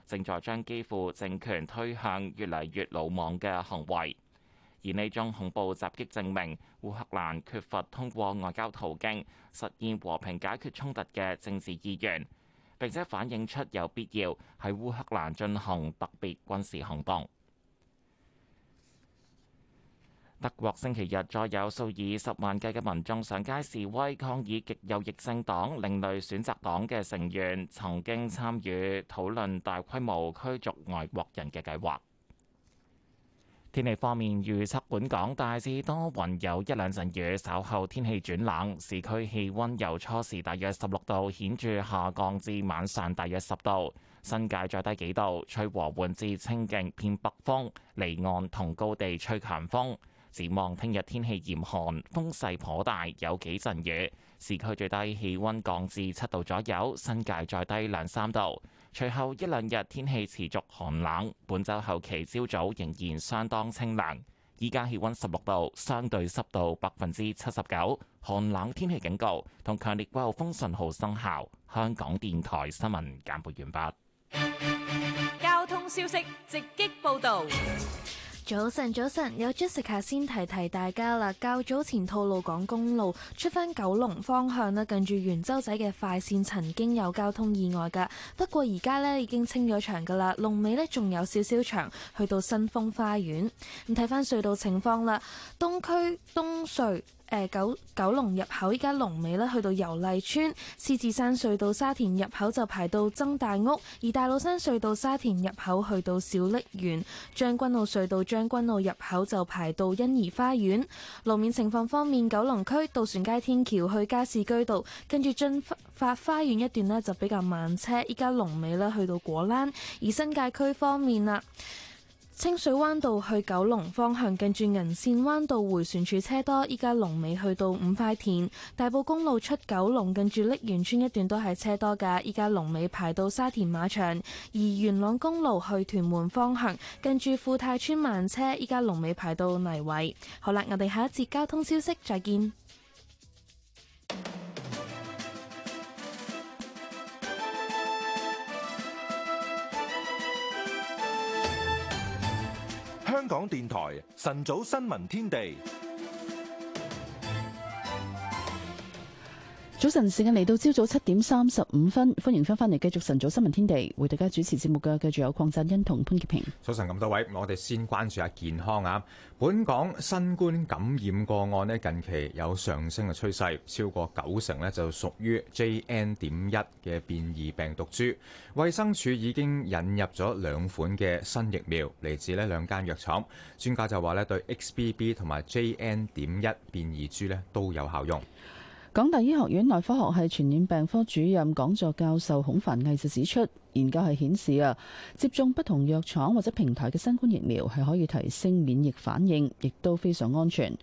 正在將基輔政權推向越嚟越魯莽嘅行為。而呢種恐怖襲擊證明烏克蘭缺乏通過外交途徑實現和平解決衝突嘅政治意願，並且反映出有必要喺烏克蘭進行特別軍事行動。德國星期日再有數以十萬計嘅民眾上街示威，抗議極右翼政黨另類選擇黨嘅成員曾經參與討論大規模驅逐外國人嘅計劃。天氣方面，預測本港大致多雲，有一兩陣雨，稍後天氣轉冷，市區氣溫由初時大約十六度顯著下降至晚上大約十度，新界再低幾度，吹和緩至清勁偏北風，離岸同高地吹強風。展望聽日天氣嚴寒，風勢頗大，有幾陣雨，市區最低氣溫降至七度左右，新界再低兩三度。隨後一兩日天氣持續寒冷，本周後期朝早仍然相當清涼。依家氣溫十六度，相對濕度百分之七十九，寒冷天氣警告同強烈季候風信號生效。香港電台新聞簡報完畢。交通消息直擊報道。早晨，早晨，有 Jessica 先提提大家啦。較早前吐露港公路出返九龍方向咧，近住圓洲仔嘅快線曾經有交通意外嘅，不過而家咧已經清咗場噶啦，龍尾咧仲有少少長，去到新豐花園。咁睇翻隧道情況啦，東區東隧。誒、呃，九九龍入口依家龍尾咧，去到油麗村；獅子山隧道沙田入口就排到曾大屋，而大老山隧道沙田入口去到小瀝源；將軍澳隧道將軍澳入口就排到欣怡花園。路面情況方面，九龍區渡船街天橋去加士居道，跟住駿發花園一段呢就比較慢車。依家龍尾咧去到果欄，而新界區方面啦。清水灣道去九龍方向，近住銀線灣道回旋處車多，依家龍尾去到五塊田。大埔公路出九龍，近住瀝源村一段都係車多噶，依家龍尾排到沙田馬場。而元朗公路去屯門方向，近住富泰村慢車，依家龍尾排到泥圍。好啦，我哋下一節交通消息再見。香港電台晨早新聞天地。早晨，時間嚟到朝早七點三十五分，歡迎翻返嚟繼續晨早新聞天地，為大家主持節目嘅繼續有鄺振欣同潘潔平。早晨咁多位，我哋先關注下健康啊。本港新冠感染個案呢，近期有上升嘅趨勢，超過九成呢就屬於 JN 點一嘅變異病毒株。衛生署已經引入咗兩款嘅新疫苗，嚟自呢兩間藥廠。專家就話呢對 XBB 同埋 JN 點一變異株呢都有效用。港大醫學院內科學系傳染病科主任講座教授孔繁毅就指出，研究係顯示啊，接種不同藥廠或者平台嘅新冠疫苗係可以提升免疫反應，亦都非常安全，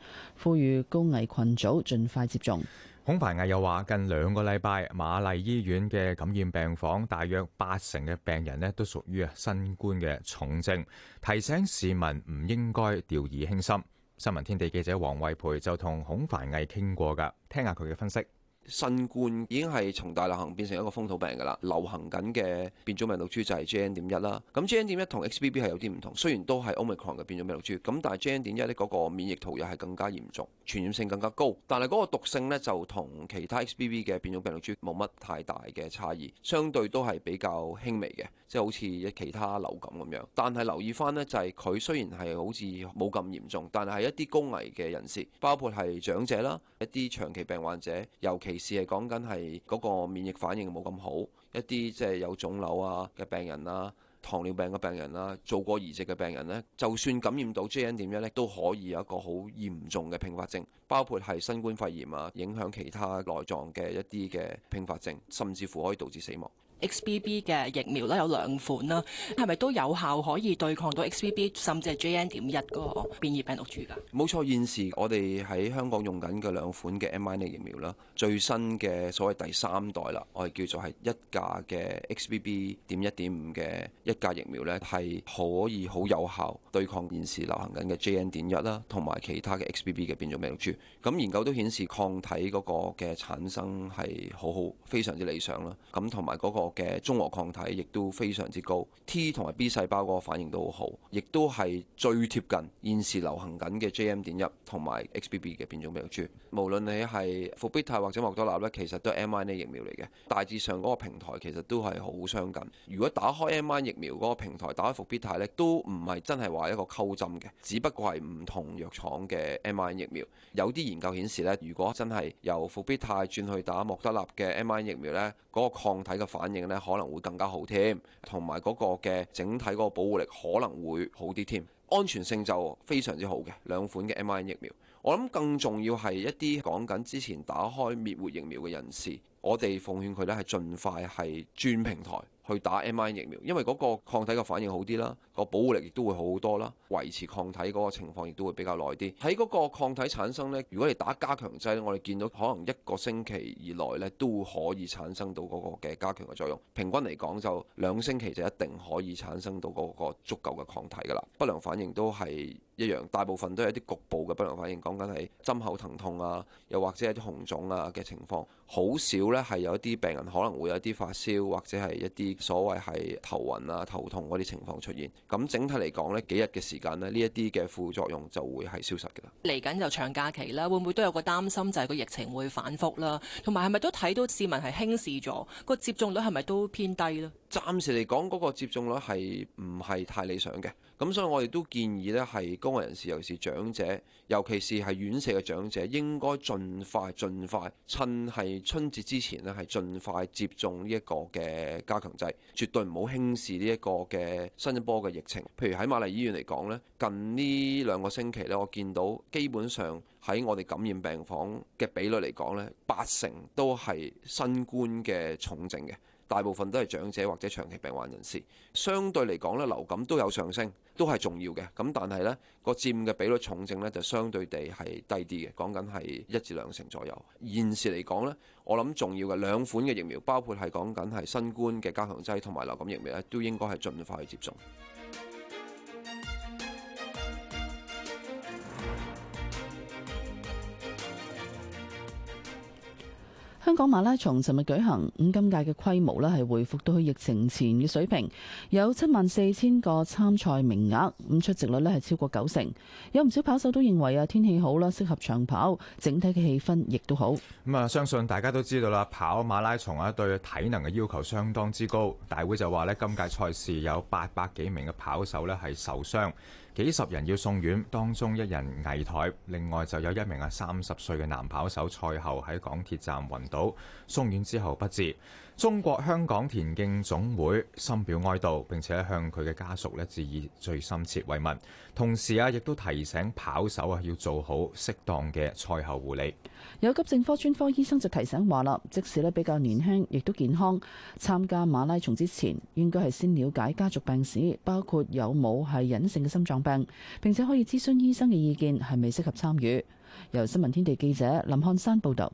呼籲高危群組盡快接種。孔繁毅又話，近兩個禮拜，瑪麗醫院嘅感染病房大約八成嘅病人咧都屬於啊新冠嘅重症，提醒市民唔應該掉以輕心。新聞天地記者黃慧培就同孔凡毅傾過噶，聽下佢嘅分析。新冠已經係從大流行變成一個風土病噶啦，流行緊嘅變種病毒株就係 JN 點一啦。咁 JN 點一同 XBB 係有啲唔同，雖然都係 omicron 嘅變種病毒株，咁但係 JN 點一呢嗰個免疫圖又係更加嚴重，傳染性更加高，但係嗰個毒性呢，就同其他 XBB 嘅變種病毒株冇乜太大嘅差異，相對都係比較輕微嘅。即係好似其他流感咁樣，但係留意翻呢，就係佢雖然係好似冇咁嚴重，但係一啲高危嘅人士，包括係長者啦、一啲長期病患者，尤其是係講緊係嗰個免疫反應冇咁好，一啲即係有腫瘤啊嘅病人啦、糖尿病嘅病人啦、做過移植嘅病人呢，就算感染到 JN 點一呢，都可以有一個好嚴重嘅併發症，包括係新冠肺炎啊，影響其他內臟嘅一啲嘅併發症，甚至乎可以導致死亡。XBB 嘅疫苗咧有兩款啦，係咪都有效可以對抗到 XBB 甚至係 JN 點一嗰個變異病毒株㗎？冇錯，現時我哋喺香港用緊嘅兩款嘅 mRNA 疫苗啦，最新嘅所謂第三代啦，我哋叫做係一價嘅 XBB 點一點五嘅一價疫苗咧，係可以好有效對抗現時流行緊嘅 JN 點一啦，同埋其他嘅 XBB 嘅變種病毒株。咁研究都顯示抗體嗰個嘅產生係好好，非常之理想啦。咁同埋嗰嘅中和抗體亦都非常之高，T 同埋 B 細胞個反應都好，亦都係最貼近現時流行緊嘅 J M 點一同埋 X B B 嘅變種病毒株。無論你係復必泰或者莫德納呢，其實都係 mRNA 疫苗嚟嘅，大致上嗰個平台其實都係好相近。如果打開 mRNA 疫苗嗰個平台，打開復必泰呢，都唔係真係話一個溝針嘅，只不過係唔同藥廠嘅 mRNA 疫苗。有啲研究顯示呢，如果真係由復必泰轉去打莫德納嘅 mRNA 疫苗呢，嗰個抗體嘅反應影可能會更加好添，同埋嗰個嘅整體嗰個保護力可能會好啲添，安全性就非常之好嘅兩款嘅 mRNA 疫苗。我諗更重要係一啲講緊之前打開滅活疫苗嘅人士，我哋奉勸佢呢係盡快係轉平台。去打 mRNA 疫苗，因為嗰個抗體嘅反應好啲啦，個保護力亦都會好好多啦，維持抗體嗰個情況亦都會比較耐啲。喺嗰個抗體產生呢，如果你打加強劑我哋見到可能一個星期以內咧都可以產生到嗰個嘅加強嘅作用。平均嚟講就兩星期就一定可以產生到嗰個足夠嘅抗體㗎啦。不良反應都係一樣，大部分都係一啲局部嘅不良反應，講緊係針口疼痛啊，又或者係一啲紅腫啊嘅情況。好少咧，係有一啲病人可能會有一啲發燒或者係一啲所謂係頭暈啊、頭痛嗰啲情況出現。咁整體嚟講呢，幾日嘅時間呢，呢一啲嘅副作用就會係消失嘅啦。嚟緊就長假期啦，會唔會都有個擔心就係個疫情會反覆啦？同埋係咪都睇到市民係輕視咗個接種率係咪都偏低呢？暫時嚟講，嗰個接種率係唔係太理想嘅？咁所以我哋都建議呢係高危人士，尤其是長者，尤其是係院舍嘅長者，應該盡快、盡快，趁係春節之前呢係盡快接種呢一個嘅加強劑，絕對唔好輕視呢一個嘅新一波嘅疫情。譬如喺瑪麗醫院嚟講呢，近呢兩個星期呢，我見到基本上喺我哋感染病房嘅比率嚟講呢，八成都係新冠嘅重症嘅。大部分都係長者或者長期病患人士，相對嚟講呢，流感都有上升，都係重要嘅。咁但係呢，個佔嘅比率重症呢，就相對地係低啲嘅，講緊係一至兩成左右。現時嚟講呢，我諗重要嘅兩款嘅疫苗，包括係講緊係新冠嘅加強劑同埋流感疫苗呢，都應該係盡快去接種。香港馬拉松尋日舉行，咁今屆嘅規模咧係回復到去疫情前嘅水平，有七萬四千個參賽名額，咁出席率咧係超過九成，有唔少跑手都認為啊天氣好啦，適合長跑，整體嘅氣氛亦都好。咁啊、嗯，相信大家都知道啦，跑馬拉松啊對體能嘅要求相當之高。大會就話咧，今屆賽事有八百幾名嘅跑手咧係受傷，幾十人要送院，當中一人危殆，另外就有一名啊三十歲嘅男跑手賽後喺港鐵站暈到送院之後不治，中國香港田徑總會深表哀悼，並且向佢嘅家屬呢致以最深切慰問。同時啊，亦都提醒跑手啊要做好適當嘅賽後護理。有急症科專科醫生就提醒話啦，即使呢比較年輕，亦都健康參加馬拉松之前，應該係先了解家族病史，包括有冇係隱性嘅心臟病，並且可以諮詢醫生嘅意見，係咪適合參與。由新聞天地記者林漢山報導。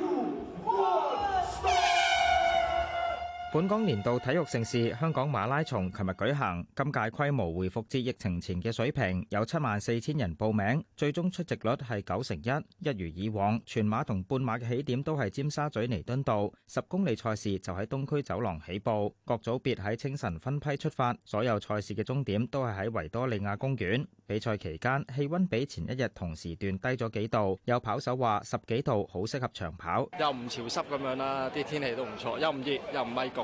本港年度體育盛事香港馬拉松琴日舉行，今屆規模回復至疫情前嘅水平，有七萬四千人報名，最終出席率係九成一，一如以往。全馬同半馬嘅起點都係尖沙咀彌敦道，十公里賽事就喺東區走廊起步，各組別喺清晨分批出發，所有賽事嘅終點都係喺維多利亞公園。比賽期間氣溫比前一日同時段低咗幾度，有跑手話十幾度好適合長跑，又唔潮濕咁樣啦，啲天氣都唔錯，又唔熱又唔係。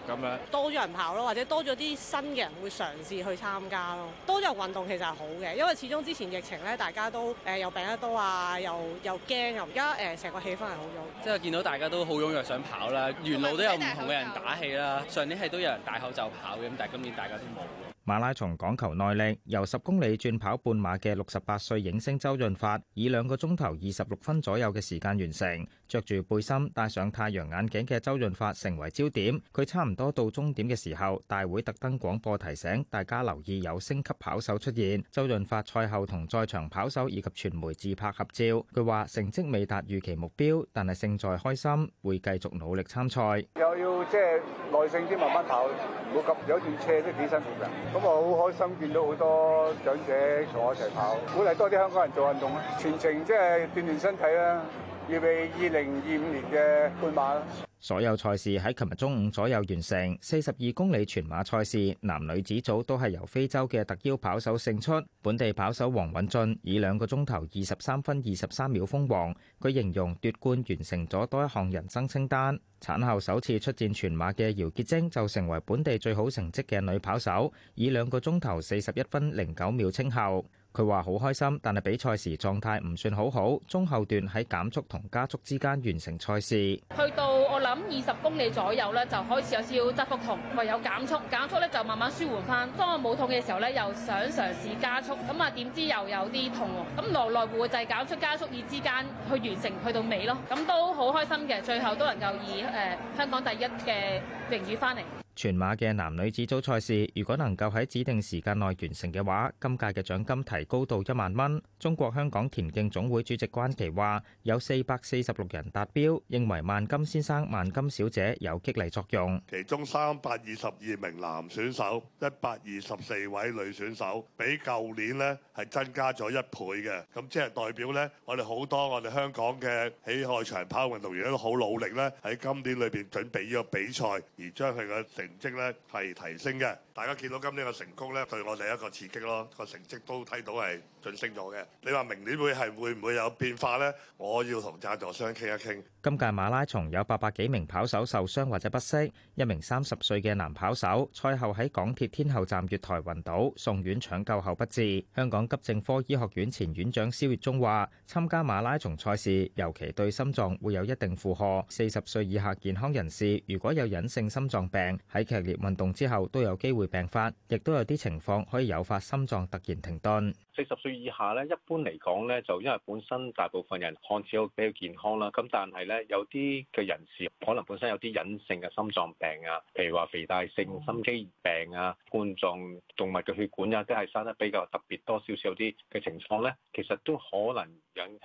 多咗人跑咯，或者多咗啲新嘅人會嘗試去參加咯。多咗人運動其實係好嘅，因為始終之前疫情咧，大家都誒又、呃呃、病得多啊，又又驚，又而家誒成個氣氛係好咗。即係見到大家都好踴躍想跑啦，沿路都有唔同嘅人打氣啦。上年係都有人戴口罩跑嘅，咁但係今年大家都冇。馬拉松講求耐力，由十公里轉跑半馬嘅六十八歲影星周潤發，以兩個鐘頭二十六分左右嘅時間完成。着住背心、戴上太陽眼鏡嘅周潤發成為焦點。佢差唔多到終點嘅時候，大會特登廣播提醒大家留意有星級跑手出現。周潤發賽後同在場跑手以及傳媒自拍合照。佢話成績未達預期目標，但係勝在開心，會繼續努力參賽。又要即係耐性啲，慢慢跑，冇急，有一段斜都幾辛苦嘅。咁我好開心見到好多長者同我一齊跑，鼓勵多啲香港人做運動啦，全程即係鍛鍊身體啦，預備二零二五年嘅半馬。所有賽事喺琴日中午左右完成。四十二公里全馬賽事，男女子組都係由非洲嘅特邀跑手勝出。本地跑手王允俊以兩個鐘頭二十三分二十三秒封王。佢形容奪冠完成咗多一項人生清單，產後首次出戰全馬嘅姚潔晶就成為本地最好成績嘅女跑手，以兩個鐘頭四十一分零九秒稱后。佢話好開心，但係比賽時狀態唔算好好，中後段喺減速同加速之間完成賽事。去到我諗二十公里左右咧，就開始有少少側腹痛，唯有減速，減速咧就慢慢舒緩翻。當我冇痛嘅時候咧，又想嘗試加速，咁啊點知又有啲痛喎。咁來來回回就係減速加速以之間去完成，去到尾咯。咁都好開心嘅，最後都能夠以誒、呃、香港第一嘅榮譽翻嚟。全馬嘅男女子組賽事，如果能夠喺指定時間內完成嘅話，今屆嘅獎金提高到一萬蚊。中國香港田徑總會主席關琪話，有四百四十六人達標，認為萬金先生、萬金小姐有激勵作用。其中三百二十二名男選手、一百二十四位女選手，比舊年呢係增加咗一倍嘅。咁即係代表呢，我哋好多我哋香港嘅喜愛長跑運動員都好努力呢，喺今年裏邊準備呢個比賽，而將佢個成。成績咧係提升嘅，大家見到今年嘅成功咧，對我哋一個刺激咯，個成績都睇到係。咗嘅，你話明年會係會唔會有變化呢？我要同贊助商傾一傾。今屆馬拉松有八百幾名跑手受傷或者不適，一名三十歲嘅男跑手賽後喺港鐵天后站月台暈倒，送院搶救後不治。香港急症科醫學院前院長蕭月忠話：參加馬拉松賽事，尤其對心臟會有一定負荷。四十歲以下健康人士如果有隱性心臟病，喺劇烈運動之後都有機會病發，亦都有啲情況可以誘發心臟突然停頓。四十歲。以下咧，一般嚟講咧，就因為本身大部分人看似比較健康啦，咁但係咧，有啲嘅人士可能本身有啲隱性嘅心臟病啊，譬如話肥大性心肌病啊、冠狀動脈嘅血管啊，都係生得比較特別多少少啲嘅情況咧，其實都可能。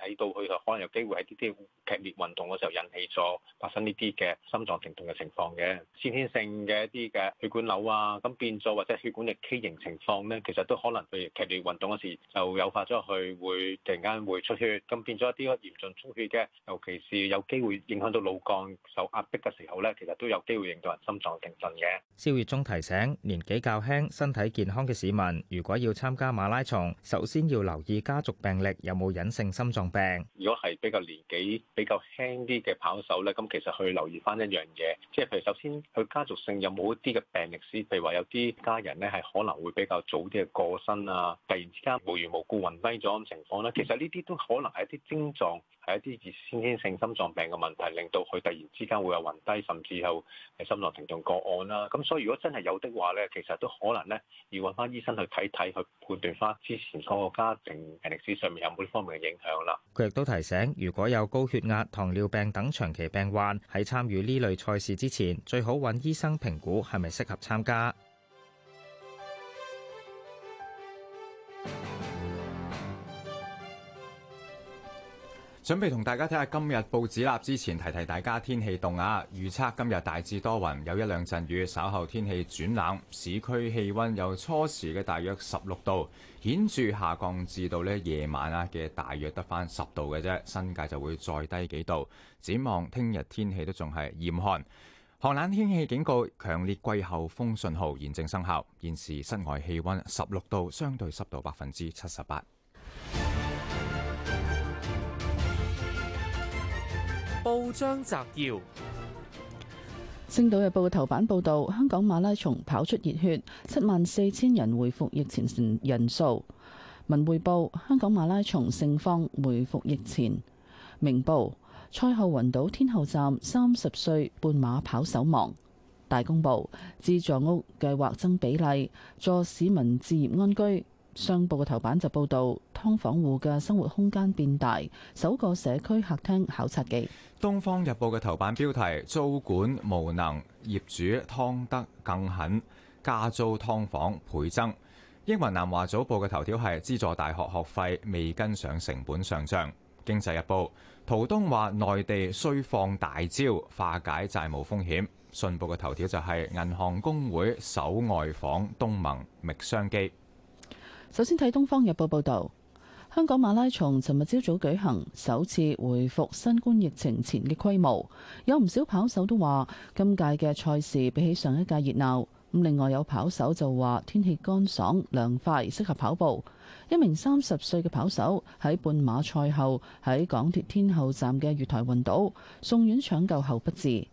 引到佢可能有機會喺啲啲劇烈運動嘅時候引起咗發生呢啲嘅心臟停頓嘅情況嘅先天性嘅一啲嘅血管瘤啊，咁變咗或者血管嘅畸形情況呢，其實都可能佢劇烈運動嗰時就誘發咗佢會突然間會出血，咁變咗一啲嚴重出血嘅，尤其是有機會影響到腦幹受壓迫嘅時候呢，其實都有機會令到人心臟停頓嘅。肖月中提醒年紀較輕、身體健康嘅市民，如果要參加馬拉松，首先要留意家族病歷有冇隱性心心臟病，如果係比較年紀比較輕啲嘅跑手呢，咁其實去留意翻一樣嘢，即係譬如首先佢家族性有冇一啲嘅病歷史，譬如話有啲家人呢係可能會比較早啲嘅過身啊，突然之間無緣無故暈低咗咁情況啦。其實呢啲都可能係一啲症狀，係一啲先天性心臟病嘅問題，令到佢突然之間會有暈低，甚至有心臟停頓個案啦、啊。咁所以如果真係有的話呢，其實都可能呢要揾翻醫生去睇睇，去判斷翻之前個家庭病歷史上面有冇呢方面嘅影響。佢亦都提醒，如果有高血壓、糖尿病等長期病患，喺參與呢類賽事之前，最好揾醫生評估係咪適合參加。準備同大家睇下今日報紙喇之前，提提大家天氣凍啊！預測今日大致多雲，有一兩陣雨，稍後天氣轉冷。市區氣温由初時嘅大約十六度，顯著下降至到咧夜晚啊嘅大約得翻十度嘅啫，新界就會再低幾度。展望聽日天，天氣都仲係嚴寒，寒冷天氣警告、強烈季候風信號現正生效。現時室外氣温十六度，相對濕度百分之七十八。張澤堯，耀《星島日報》嘅頭版報道香港馬拉松跑出熱血，七萬四千人回復疫前人數。文匯報《香港馬拉松盛況回復疫前》，明報賽後暈倒天后站三十歲半馬跑手亡。大公報資助屋計劃增比例，助市民置業安居。商報嘅頭版就報道，劏房戶嘅生活空間變大，首個社區客廳考察記。《東方日報》嘅頭版標題：租管無能，業主劏得更狠，加租劏房倍增。《英文南華早報》嘅頭條係資助大學學費未跟上成本上漲。《經濟日報》陶冬話：內地需放大招化解債務風險。《信報》嘅頭條就係銀行公會首外訪東盟覓商機。首先睇《東方日報》報導，香港馬拉松尋日朝早舉行，首次回復新冠疫情前嘅規模，有唔少跑手都話今屆嘅賽事比起上一屆熱鬧。咁另外有跑手就話天氣乾爽涼快，適合跑步。一名三十歲嘅跑手喺半馬賽後喺港鐵天后站嘅月台暈倒，送院搶救後不治。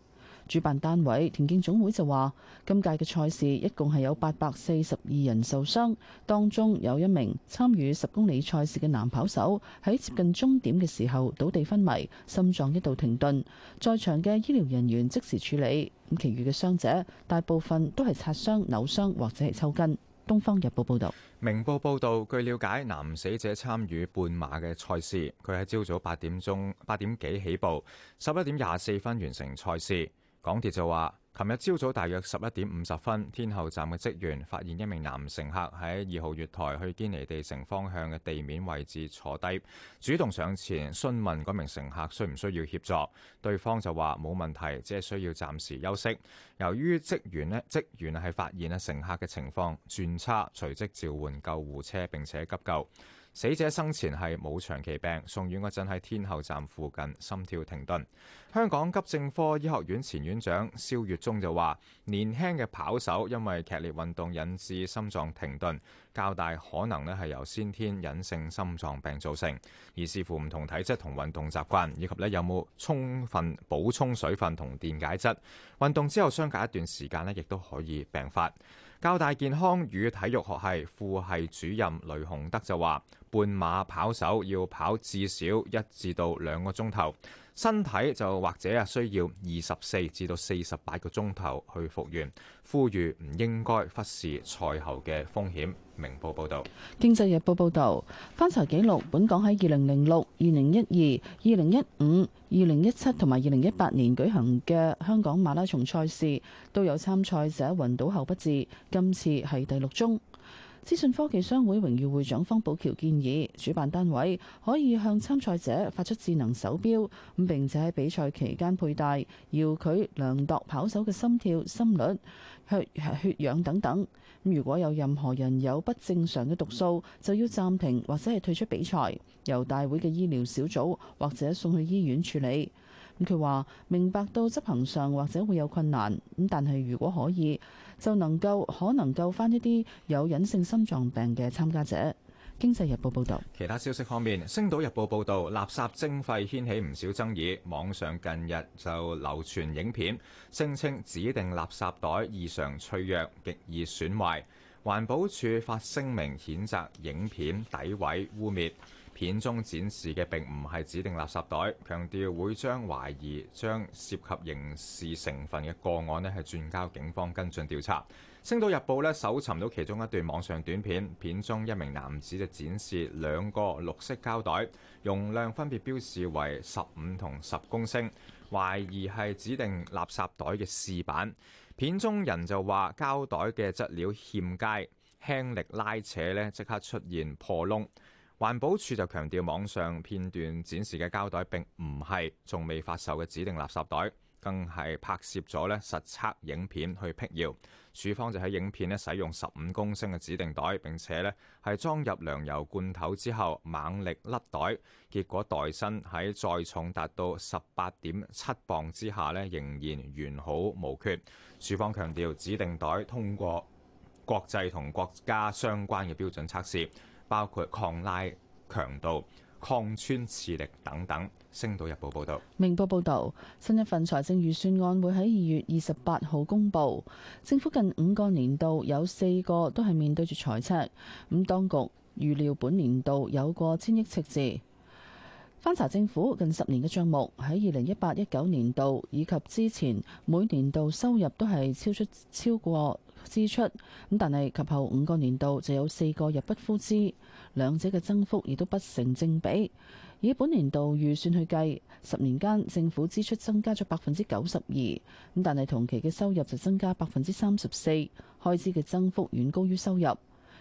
主辦單位田徑總會就話，今屆嘅賽事一共係有八百四十二人受傷，當中有一名參與十公里賽事嘅男跑手喺接近終點嘅時候倒地昏迷，心臟一度停頓，在場嘅醫療人員即時處理。咁其餘嘅傷者大部分都係擦傷、扭傷或者係抽筋。東方日報報道。明報報道，據了解，男死者參與半馬嘅賽事，佢喺朝早八點鐘八點幾起步，十一點廿四分完成賽事。港鐵就話，琴日朝早大約十一點五十分，天后站嘅職員發現一名男乘客喺二號月台去堅尼地城方向嘅地面位置坐低，主動上前詢問嗰名乘客需唔需要協助，對方就話冇問題，只係需要暫時休息。由於職員呢，職員係發現啊乘客嘅情況轉差，隨即召喚救護車並且急救。死者生前係冇長期病，送院嗰陣喺天后站附近心跳停頓。香港急症科醫學院前院長蕭月中就話：年輕嘅跑手因為劇烈運動引致心臟停頓，較大可能咧係由先天隱性心臟病造成。而視乎唔同體質同運動習慣，以及咧有冇充分補充水分同電解質，運動之後相隔一段時間咧，亦都可以病發。教大健康與體育學系副系主任雷洪德就話。半馬跑手要跑至少一至到兩個鐘頭，身體就或者啊需要二十四至到四十八個鐘頭去復原。呼籲唔應該忽視賽後嘅風險。明報報道。《經濟日報》報道，翻查紀錄，本港喺二零零六、二零一二、二零一五、二零一七同埋二零一八年舉行嘅香港馬拉松賽事，都有參賽者暈倒後不治。今次係第六宗。資訊科技商會榮譽會長方寶橋建議，主辦單位可以向參賽者發出智能手錶咁，並且喺比賽期間佩戴，要佢量度跑手嘅心跳、心率、血、血氧等等。如果有任何人有不正常嘅讀數，就要暫停或者係退出比賽，由大會嘅醫療小組或者送去醫院處理。佢話明白到執行上或者會有困難，但係如果可以。就能夠可能救翻一啲有隱性心臟病嘅參加者。經濟日報報導，其他消息方面，星島日報報導，垃圾徵費掀起唔少爭議，網上近日就流傳影片，聲稱指定垃圾袋異常脆弱，極易損壞，環保署發聲明譴責影片詆毀污蔑。片中展示嘅並唔係指定垃圾袋，強調會將懷疑將涉及刑事成分嘅個案呢，係轉交警方跟進調查。星島日報呢搜尋到其中一段網上短片，片中一名男子就展示兩個綠色膠袋，容量分別標示為十五同十公升，懷疑係指定垃圾袋嘅試版。片中人就話膠袋嘅質料欠佳，輕力拉扯呢即刻出現破窿。環保署就強調，網上片段展示嘅膠袋並唔係仲未發售嘅指定垃圾袋，更係拍攝咗呢實測影片去辟謠。署方就喺影片呢使用十五公升嘅指定袋，並且呢係裝入糧油罐頭之後，猛力甩袋，結果袋身喺載重達到十八點七磅之下呢，仍然完好無缺。署方強調，指定袋通過國際同國家相關嘅標準測試，包括抗拉強度、抗穿刺力等等。星島日報報道，明報報道，新一份財政預算案會喺二月二十八號公布。政府近五個年度有四個都係面對住財赤，咁當局預料本年度有過千億赤字。翻查政府近十年嘅帳目，喺二零一八一九年度以及之前，每年度收入都係超出超過支出咁，但係及後五個年度就有四個入不敷支，兩者嘅增幅亦都不成正比。以本年度預算去計，十年間政府支出增加咗百分之九十二，咁但係同期嘅收入就增加百分之三十四，開支嘅增幅遠高於收入。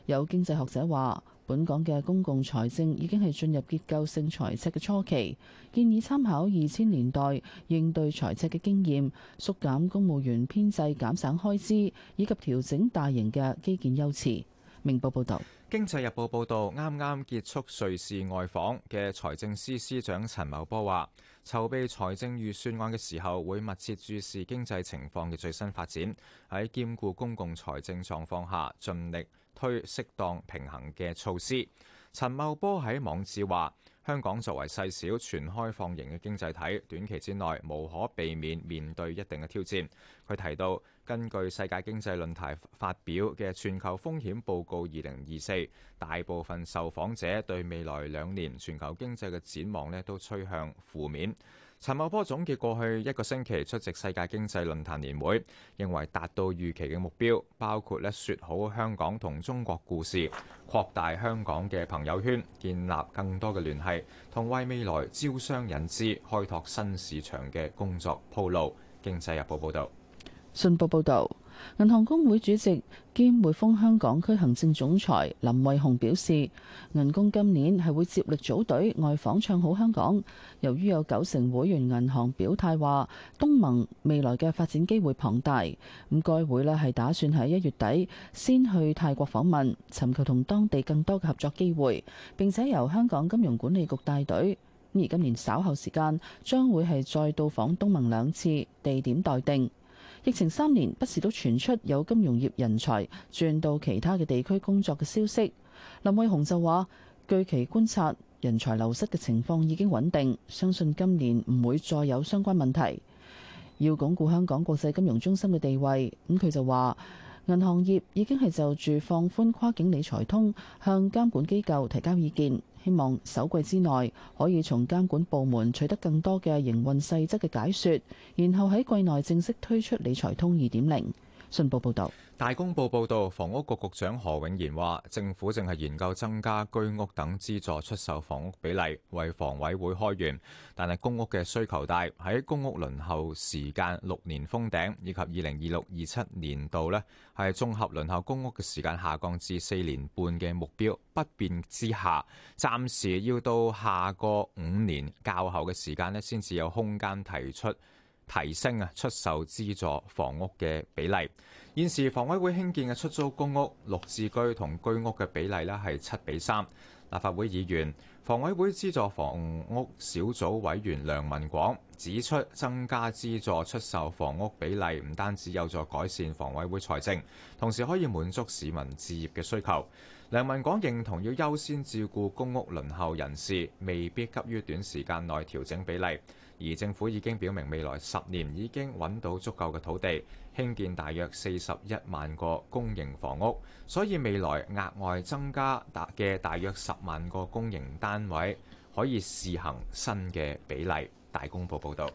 有經濟學者話。本港嘅公共財政已經係進入結構性財赤嘅初期，建議參考二千年代應對財政嘅經驗，縮減公務員編制、減省開支，以及調整大型嘅基建優次。明報報道，經濟日報報道，啱啱結束瑞士外訪嘅財政司司長陳茂波話：籌備財政預算案嘅時候，會密切注視經濟情況嘅最新發展，喺兼顧公共財政狀況下，盡力。推適當平衡嘅措施。陳茂波喺網誌話：香港作為細小全開放型嘅經濟體，短期之內無可避免面對一定嘅挑戰。佢提到，根據世界經濟論壇發表嘅《全球風險報告二零二四》，大部分受訪者對未來兩年全球經濟嘅展望呢都趨向負面。陳茂波總結過去一個星期出席世界經濟論壇年會，認為達到預期嘅目標，包括咧說好香港同中國故事，擴大香港嘅朋友圈，建立更多嘅聯繫，同為未來招商引資開拓新市場嘅工作鋪路。經濟日報報道，信報報道。銀行公會主席兼匯豐香港區行政總裁林慧虹表示，銀工會今年係會接力組隊外訪唱好香港。由於有九成會員銀行表態話，東盟未來嘅發展機會龐大，咁該會呢係打算喺一月底先去泰國訪問，尋求同當地更多嘅合作機會，並且由香港金融管理局帶隊。咁而今年稍後時間將會係再到訪東盟兩次，地點待定。疫情三年，不時都傳出有金融業人才轉到其他嘅地區工作嘅消息。林慧雄就話，據其觀察，人才流失嘅情況已經穩定，相信今年唔會再有相關問題。要鞏固香港國際金融中心嘅地位，咁佢就話，銀行業已經係就住放寬跨境理財通，向監管機構提交意見。希望首季之內可以從監管部門取得更多嘅營運細則嘅解說，然後喺季內正式推出理財通二點零。信報報導，大公報報導，房屋局局長何永賢話，政府正係研究增加居屋等資助出售房屋比例，為房委會開源。但係公屋嘅需求大，喺公屋輪候時間六年封頂，以及二零二六、二七年度呢，係綜合輪候公屋嘅時間下降至四年半嘅目標不變之下，暫時要到下個五年較後嘅時間呢，先至有空間提出。提升啊出售資助房屋嘅比例。現時房委會興建嘅出租公屋、綠置居同居屋嘅比例呢，係七比三。立法會議員、房委會資助房屋小組委員梁文廣指出，增加資助出售房屋比例唔單止有助改善房委會財政，同時可以滿足市民置業嘅需求。梁文廣認同要優先照顧公屋輪候人士，未必急於短時間內調整比例。而政府已經表明，未來十年已經揾到足夠嘅土地興建大約四十一萬個公營房屋，所以未來額外增加嘅大約十萬個公營單位可以試行新嘅比例。大公報報道，《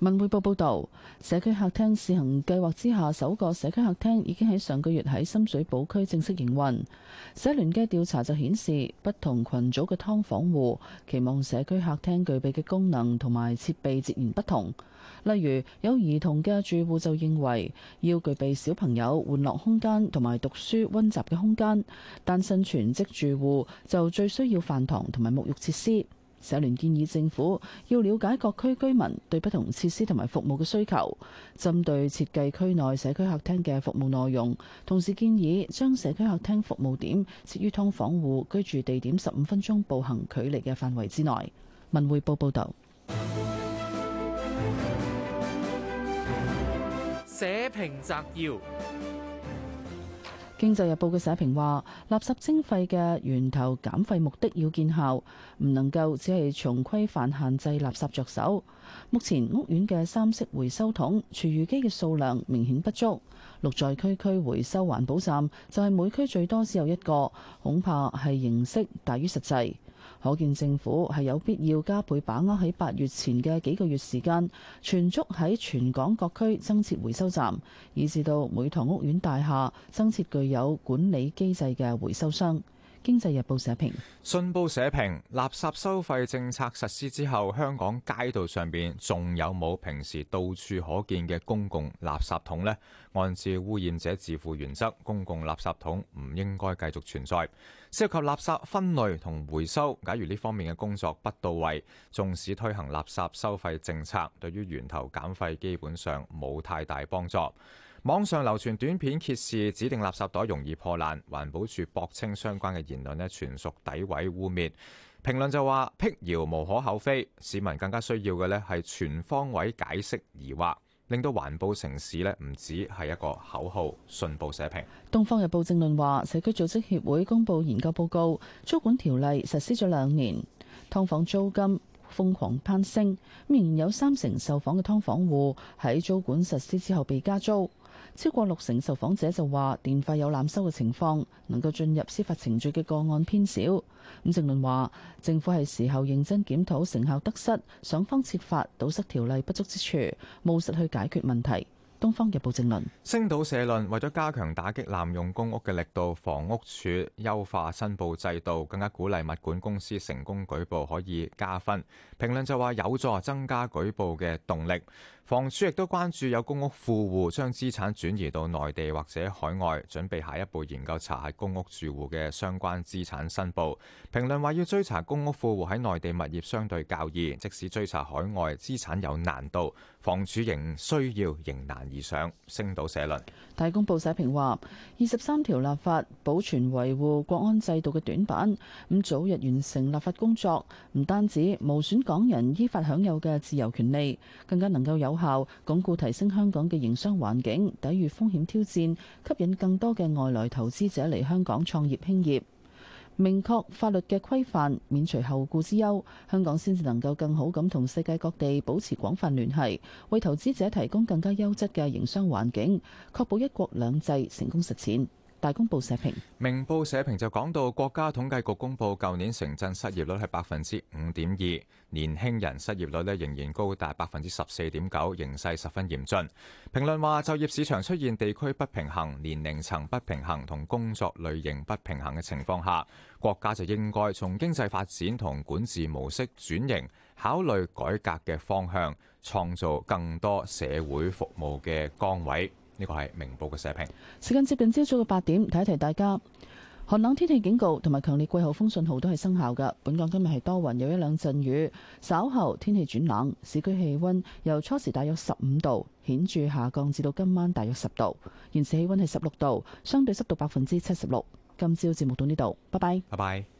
文匯報》報道，社區客廳試行計劃之下，首個社區客廳已經喺上個月喺深水埗區正式營運。社聯嘅調查就顯示，不同群組嘅劏房戶期望社區客廳具備嘅功能同埋設備截然不同。例如，有兒童嘅住戶就認為要具備小朋友玩樂空間同埋讀書溫習嘅空間，單身全職住戶就最需要飯堂同埋沐浴設施。社聯建議政府要了解各區居民，對不同設施同埋服務嘅需求、針對設計區內社區客廳嘅服務內容，同時建議將社區客廳服務點設於劏房戶居住地點十五分鐘步行距離嘅範圍之內。文匯報報道。社評摘要。經濟日報嘅社評話：垃圾徵費嘅源頭減費目的要見效，唔能夠只係從規範限制垃圾着手。目前屋苑嘅三色回收桶、廚餘機嘅數量明顯不足，綠在區區回收環保站就係每區最多只有一個，恐怕係形式大於實際。可見政府係有必要加倍把握喺八月前嘅幾個月時間，全速喺全港各區增設回收站，以至到每幢屋苑大廈增設具有管理機制嘅回收箱。《經濟日報》社評：信報社評，垃圾收費政策實施之後，香港街道上邊仲有冇平時到處可見嘅公共垃圾桶呢？按照污染者自負原則，公共垃圾桶唔應該繼續存在。涉及垃圾分類同回收，假如呢方面嘅工作不到位，縱使推行垃圾收費政策，對於源頭減廢基本上冇太大幫助。網上流傳短片揭示指定垃圾袋容易破爛，環保署駁稱相關嘅言論咧全屬詆毀污蔑。評論就話辟謠無可厚非，市民更加需要嘅咧係全方位解釋疑惑，令到環保城市咧唔止係一個口號。信報社評，《東方日報》正論話，社區組織協會公布研究報告，租管條例實施咗兩年，劏房租金瘋狂攀升，咁仍然有三成受訪嘅劏房戶喺租管實施之後被加租。超過六成受訪者就話電費有濫收嘅情況，能夠進入司法程序嘅個案偏少。咁正論話政府係時候認真檢討成效得失，想方設法堵塞條例不足之處，務實去解決問題。《東方日報》正論。星島社論為咗加強打擊濫用公屋嘅力度，房屋署優化申報制度，更加鼓勵物管公司成功舉報可以加分。評論就話有助增加舉報嘅動力。房署亦都關注有公屋富戶將資產轉移到內地或者海外，準備下一步研究查核公屋住戶嘅相關資產申報。評論話要追查公屋富戶喺內地物業相對較易，即使追查海外資產有難度，房署仍需要迎難而上。星島社論。大公報寫評話：二十三條立法保全維護國安制度嘅短板，咁早日完成立法工作，唔單止無損港人依法享有嘅自由權利，更加能夠有效鞏固提升香港嘅營商環境，抵禦風險挑戰，吸引更多嘅外來投資者嚟香港創業興業。明確法律嘅規範，免除後顧之憂，香港先至能夠更好咁同世界各地保持廣泛聯繫，為投資者提供更加優質嘅營商環境，確保一國兩制成功實踐。大公報社評，明報社評就講到國家統計局公佈舊年城鎮失業率係百分之五點二，年輕人失業率呢仍然高達百分之十四點九，形勢十分嚴峻。評論話就業市場出現地區不平衡、年齡層不平衡同工作類型不平衡嘅情況下，國家就應該從經濟發展同管治模式轉型，考慮改革嘅方向，創造更多社會服務嘅崗位。呢個係明報嘅社評。時間接近朝早嘅八點，提一提大家，寒冷天氣警告同埋強烈季候風信號都係生效㗎。本港今日係多雲，有一兩陣雨，稍後天氣轉冷，市區氣溫由初時大約十五度顯著下降至到今晚大約十度，現時氣溫係十六度，相對濕度百分之七十六。今朝節目到呢度，拜拜。拜拜。